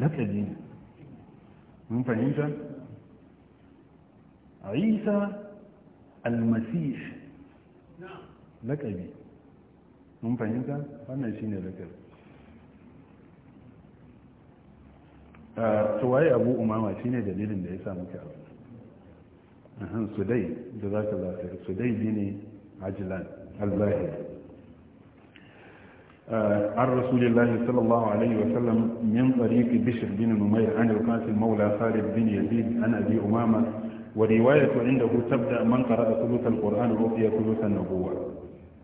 A: lakabi ne mun fahimta isa al-masih mun fahimta wannan shine zikir to waye abu umama shine dalilin da ya sa muke er, abu ahan dai da za ka er, su dai ne ajlan al-zahir عن رسول الله صلى الله عليه وسلم من طريق بشر بن نمير عن القاسم مولى خالد بن يزيد عن ابي امامه وروايه عنده تبدا من قرا ثلث القران رؤيا ثلث النبوه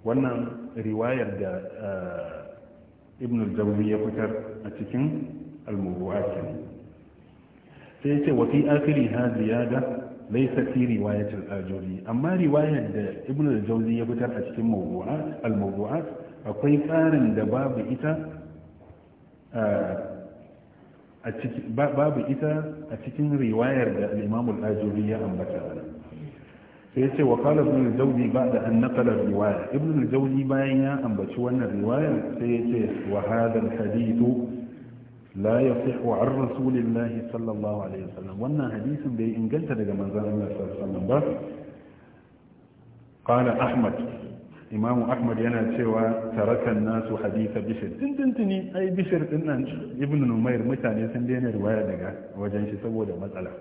A: wannan riwayar da ibn al-jawzi ya fitar a cikin al-mawdu'at sai yace wa fi akhiri ha ziyada laysa fi riwayat al-ajuri amma riwayar da ibn al-jawzi ya fitar a cikin mawdu'at al-mawdu'at akwai tsarin da babu ita a cikin babu ita a cikin riwayar da al-imam al-ajuri ya ambata sai ya ce wa kala ibn al-jawzi ba'da an naqala riwaya ibn al-jawzi bayan ya ambaci wannan riwaya sai ya ce wa hadha al-hadith la yasihu an rasulillah sallallahu alaihi wasallam wannan hadisin bai inganta daga manzon Allah sallallahu alaihi wasallam ba qala ahmad imamu ahmad yana cewa tarakan nasu haditha bishir tintintini ai bishir din nan ibn numair mutane sun daina riwaya daga wajen shi saboda matsala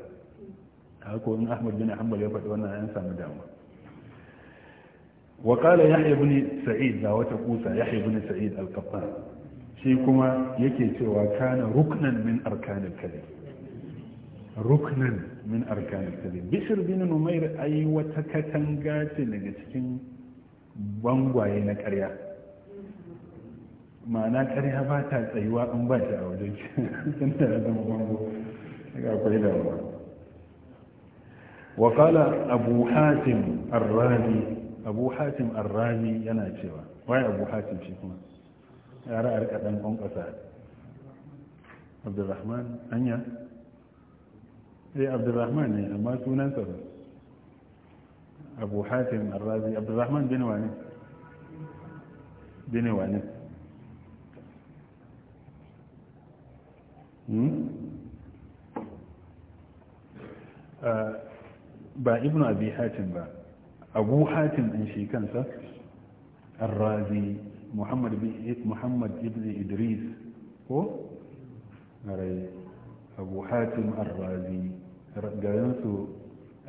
A: haka wani ahmad bin hanbal ya faɗi wannan an samu damu wa qala yahya ibn sa'id da wata kusa yahya ibn sa'id al-qattan shi kuma yake cewa kana ruknan min arkanil kalim ruknan min arkanil kalim bishr bin numair ai wata katanga ce daga cikin bangwaye na ƙarya ma'ana ƙarya ba ta tsayuwa in ba ta a wajen tun da zama bango daga akwai damuwa وقال أبو حاتم الرازي أبو حاتم الرازي أنا يناتشوا وين أبو حاتم شيخنا أرى أركة أنكم أسعد عبد الرحمن أنيا إيه عبد الرحمن إيه ما سونان سبب أبو حاتم الرازي عبد الرحمن بن وانس بن وانس أه ba ibn abi hatim ba abu hatim din shi kansa arrazi muhammad muhammad ibn idris ko rai abu hatim arrazi su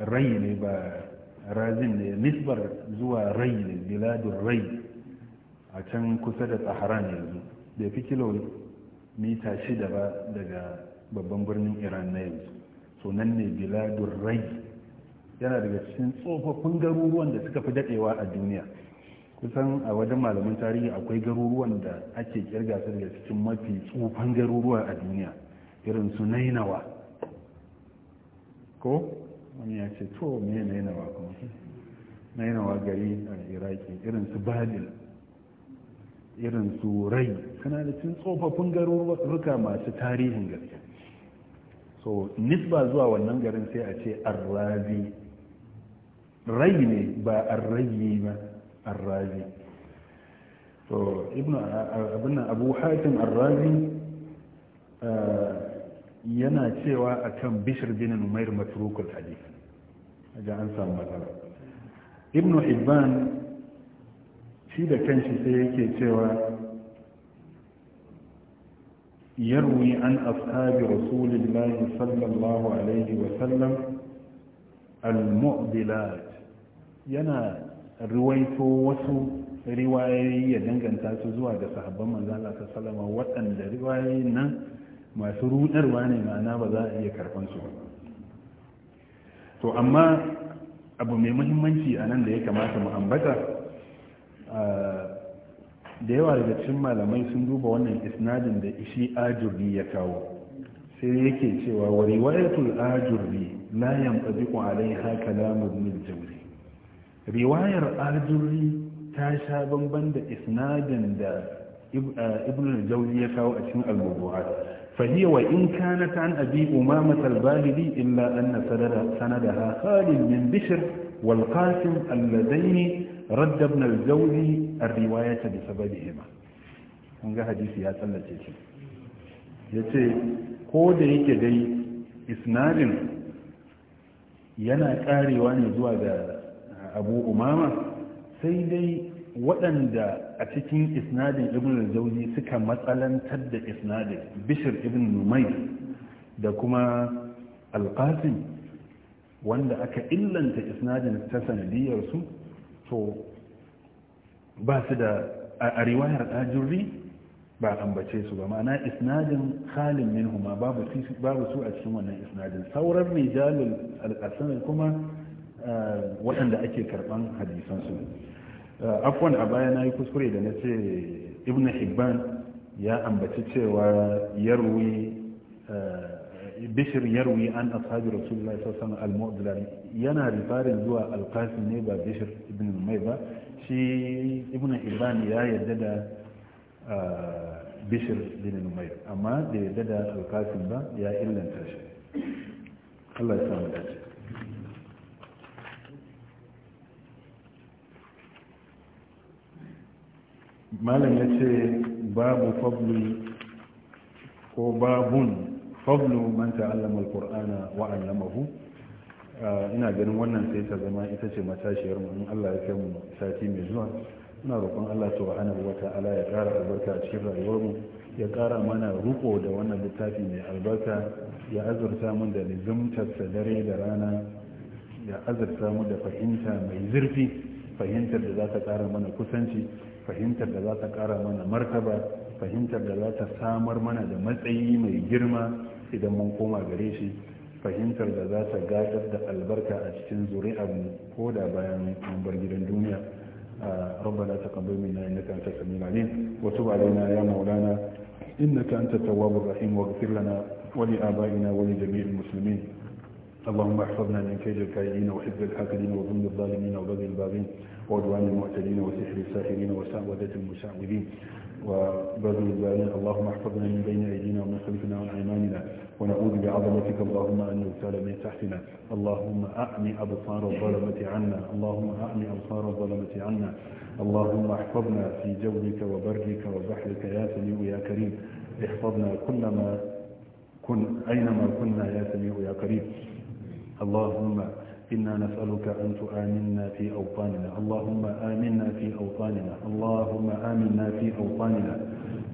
A: rai ne ba razin ne nisbar zuwa rai ne biladun rai a can kusa da tsaharan yanzu da fi kilo mita shida ba daga babban birnin iran na yanzu sunan ne biladun rai yana daga cikin tsofaffin garuruwan da suka fi dadewa a duniya kusan a wajen malaman tarihi akwai garuruwan da ake kirga su daga cikin mafi tsofan garuruwa a duniya irin su nainawa ko wani ya ce to me nainawa kuma nainawa gari a iraki irin su babil irin su rai suna da cin tsofaffin garuruka masu tarihin gaske so nisba zuwa wannan garin sai a ce arrazi rai ne ba arrayi ba arrazi to ibn abin abu hatim arrazi yana cewa akan bishir bin numair matrukul hadith ga an samu matsala ibn hibban shi da kanshi sai yake cewa يروي عن أصحاب رسول الله صلى الله عليه وسلم المؤدلات yana ruwaito wasu riwayoyi ya danganta su zuwa ga sahabban manzo Allah salama waɗanda riwayoyin nan masu rudarwa ne ma'ana ba za a iya karban su to amma abu mai muhimmanci a nan da ya kamata mu ambata da yawa daga cikin malamai sun duba wannan isnadin da ishi ajurri ya kawo sai yake cewa wa riwayatul ajurri la yantabiqu alaiha kalamu min jawzi riwayar ajuri ta sha bamban da isnadin da ibn eh, jauzi ya kawo a cikin al-mawdu'at fahiya wa in kanat an abi umama al illa anna sanada sanadaha khalid min bishr wal qasim alladaini radda ibn al-jauzi ar-riwayata bi sababihima kun ga hadisi ya tsallace shi yace ko da yake dai isnadin yana karewa ne zuwa ga abu umama sai dai waɗanda a cikin isnadin ibn al suka matsalantar da isnadin bishir ibn numai da kuma alqasim wanda aka illanta isnadin ta sanadiyar su to ba su da a riwayar ajurri ba ambace su ba ma'ana isnadin halin minhuma babu su a cikin wannan isnadin sauran rijalul alqasim kuma waɗanda ake karɓan hadisansu uh, afwan a baya na yi kuskure da na ce ibn hibban ya ambaci cewa yarwi uh, bishir yarwi an ashabi rasulullah al alaihi yana rifarin zuwa alqasim ne ba bishir ibn mai ba shi ibn hibban ya yarda da uh, bishir ibn mai amma da yarda da alqasim ba ya illanta shi Allah ya samu dace malam ya ce babu fablu ko babun fablu man ta'allama alqur'ana wa 'allamahu ina ganin wannan sai ta zama ita ce matashiyar mu in Allah ya kai mu sati mai zuwa ina roƙon Allah subhanahu wa ta'ala ya ƙara albarka a cikin rayuwar mu ya ƙara mana ruko da wannan littafi mai albarka ya azurta mu da nizumtar dare da rana ya azurta mu da fahimta mai zurfi fahimtar da za ta ƙara mana kusanci fahimtar da za ta kara mana martaba fahimtar da za ta samar mana da matsayi mai girma idan mun koma gare shi fahimtar da za ta gadar da albarka a cikin zuri'armu ko da bayan bar gidan duniya a rabbala ta kambami na inda kanta sami malin wasu ba na ya maulana inda kanta ta wabar rahim wa gafir lana wani abayina wani jami'in musulmi اللهم احفظنا من كيد الكائدين وحفظ الحاكمين وظلم الظالمين وبغي الباغين وعدوان المعتدين وسحر الساحرين وسعودة المسعودين وبذل البارين اللهم احفظنا من بين أيدينا ومن خلفنا وعن أيماننا ونعوذ بعظمتك اللهم أن نغتال من تحتنا اللهم أعني أبصار الظلمة عنا اللهم أعني أبصار الظلمة عنا اللهم احفظنا في جودك وبرك وبحرك يا سميع يا كريم احفظنا كلما كن أينما كنا يا سميع يا كريم اللهم إنا نسألك أن تؤمننا في أوطاننا اللهم آمنا في أوطاننا اللهم آمنا في أوطاننا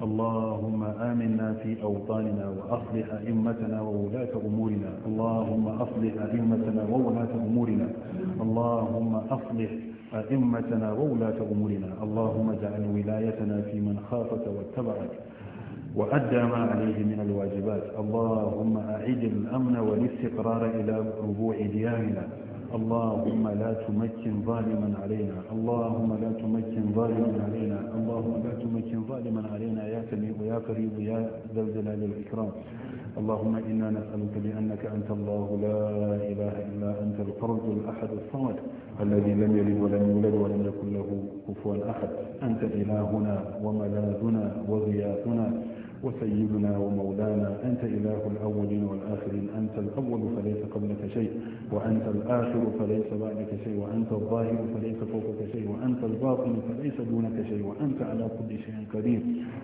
A: اللهم آمنا في أوطاننا وأصلح أئمتنا وولاة أمورنا اللهم أصلح أئمتنا وولاة أمورنا اللهم أصلح أئمتنا وولاة أمورنا اللهم اجعل ولايتنا في من خافك واتبعك وأدى ما عليه من الواجبات اللهم أعد الأمن والاستقرار إلى ربوع ديارنا اللهم لا تمكن ظالما علينا اللهم لا تمكن ظالما علينا اللهم لا تمكن ظالما علينا يا سميع يا قريب يا ذا الجلال والإكرام اللهم إنا نسألك بأنك أنت الله لا إله إلا أنت الفرد الأحد الصمد الذي لم يلد ولم يولد ولم يكن له كفوا أحد أنت إلهنا وملاذنا وغياثنا وسيدنا ومولانا أنت إله الأولين والآخرين أنت الأول فليس قبلك شيء وأنت الآخر فليس بعدك شيء وأنت الظاهر فليس فوقك شيء وأنت الباطن فليس دونك شيء وأنت على كل شيء قدير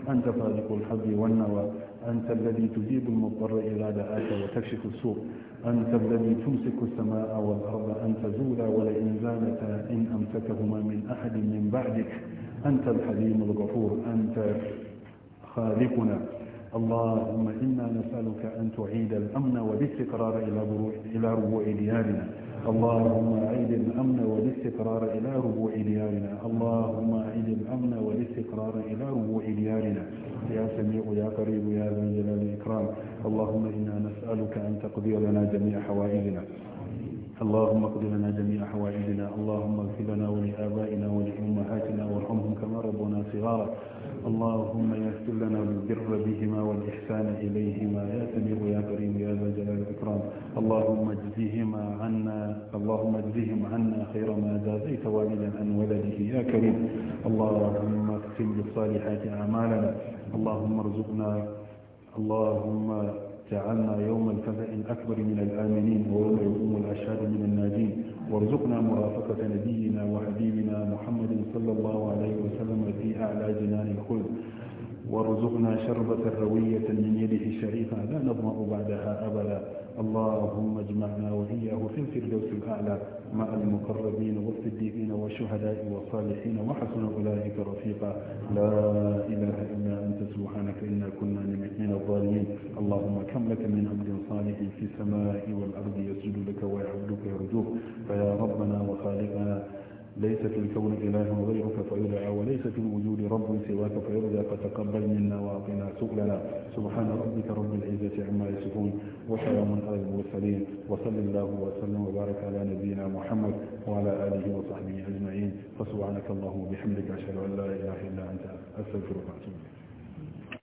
A: أنت خالق الحظ والنوى أنت الذي تجيب المضطر إلى دعاك وتكشف السوء أنت الذي تمسك السماء والأرض أن تزولا ولئن زالتا إن أمسكهما من أحد من بعدك أنت الحليم الغفور أنت خالقنا اللهم إنا نسألك أن تعيد الأمن والاستقرار إلى ربوع ديارنا اللهم أعيد الأمن والاستقرار إلى ربوع ديارنا اللهم أعيد الأمن والاستقرار إلى ربوع ديارنا يا سميع يا قريب يا ذا الجلال والإكرام اللهم إنا نسألك أن تقضي لنا جميع حوائجنا اللهم اقض لنا جميع حوائجنا اللهم اغفر لنا ولآبائنا ولأمهاتنا وارحمهم كما ربونا صغارا اللهم يسر لنا البر بهما والإحسان إليهما يا سميع يا كريم يا ذا الجلال والإكرام اللهم اجزهما عنا اللهم اجزهم عنا خير ما جازيت والدا عن ولده يا كريم اللهم اقسم بالصالحات أعمالنا اللهم ارزقنا اللهم جعلنا يوم الفزع الأكبر من الآمنين ويوم يقوم الأشهاد من الناجين وارزقنا مرافقة نبينا وحبيبنا محمد صلى الله عليه وسلم في أعلى جنان الخلد وارزقنا شربة روية من يده الشريفة لا نظمأ بعدها أبدا اللهم اجمعنا وإياه في الفردوس الأعلى مع المقربين والصديقين والشهداء والصالحين وحسن أولئك رفيقا لا إله إلا أنت سبحانك إنا كنا من الظالمين اللهم كم لك من عبد صالح في السماء والأرض يسجد لك ويعبدك يرجوك فيا ربنا وخالقنا ليس في الكون إله غيرك فيدعى وليس في الوجود رب سواك فيرجى فتقبل منا وأعطنا سؤلنا سبحان ربك رب العزة عما يصفون وسلام على المرسلين وصل الله وسلم وبارك على نبينا محمد وعلى آله وصحبه أجمعين فسبحانك اللهم وبحمدك أشهد أن لا إله إلا أنت أستغفرك وأتوب إليك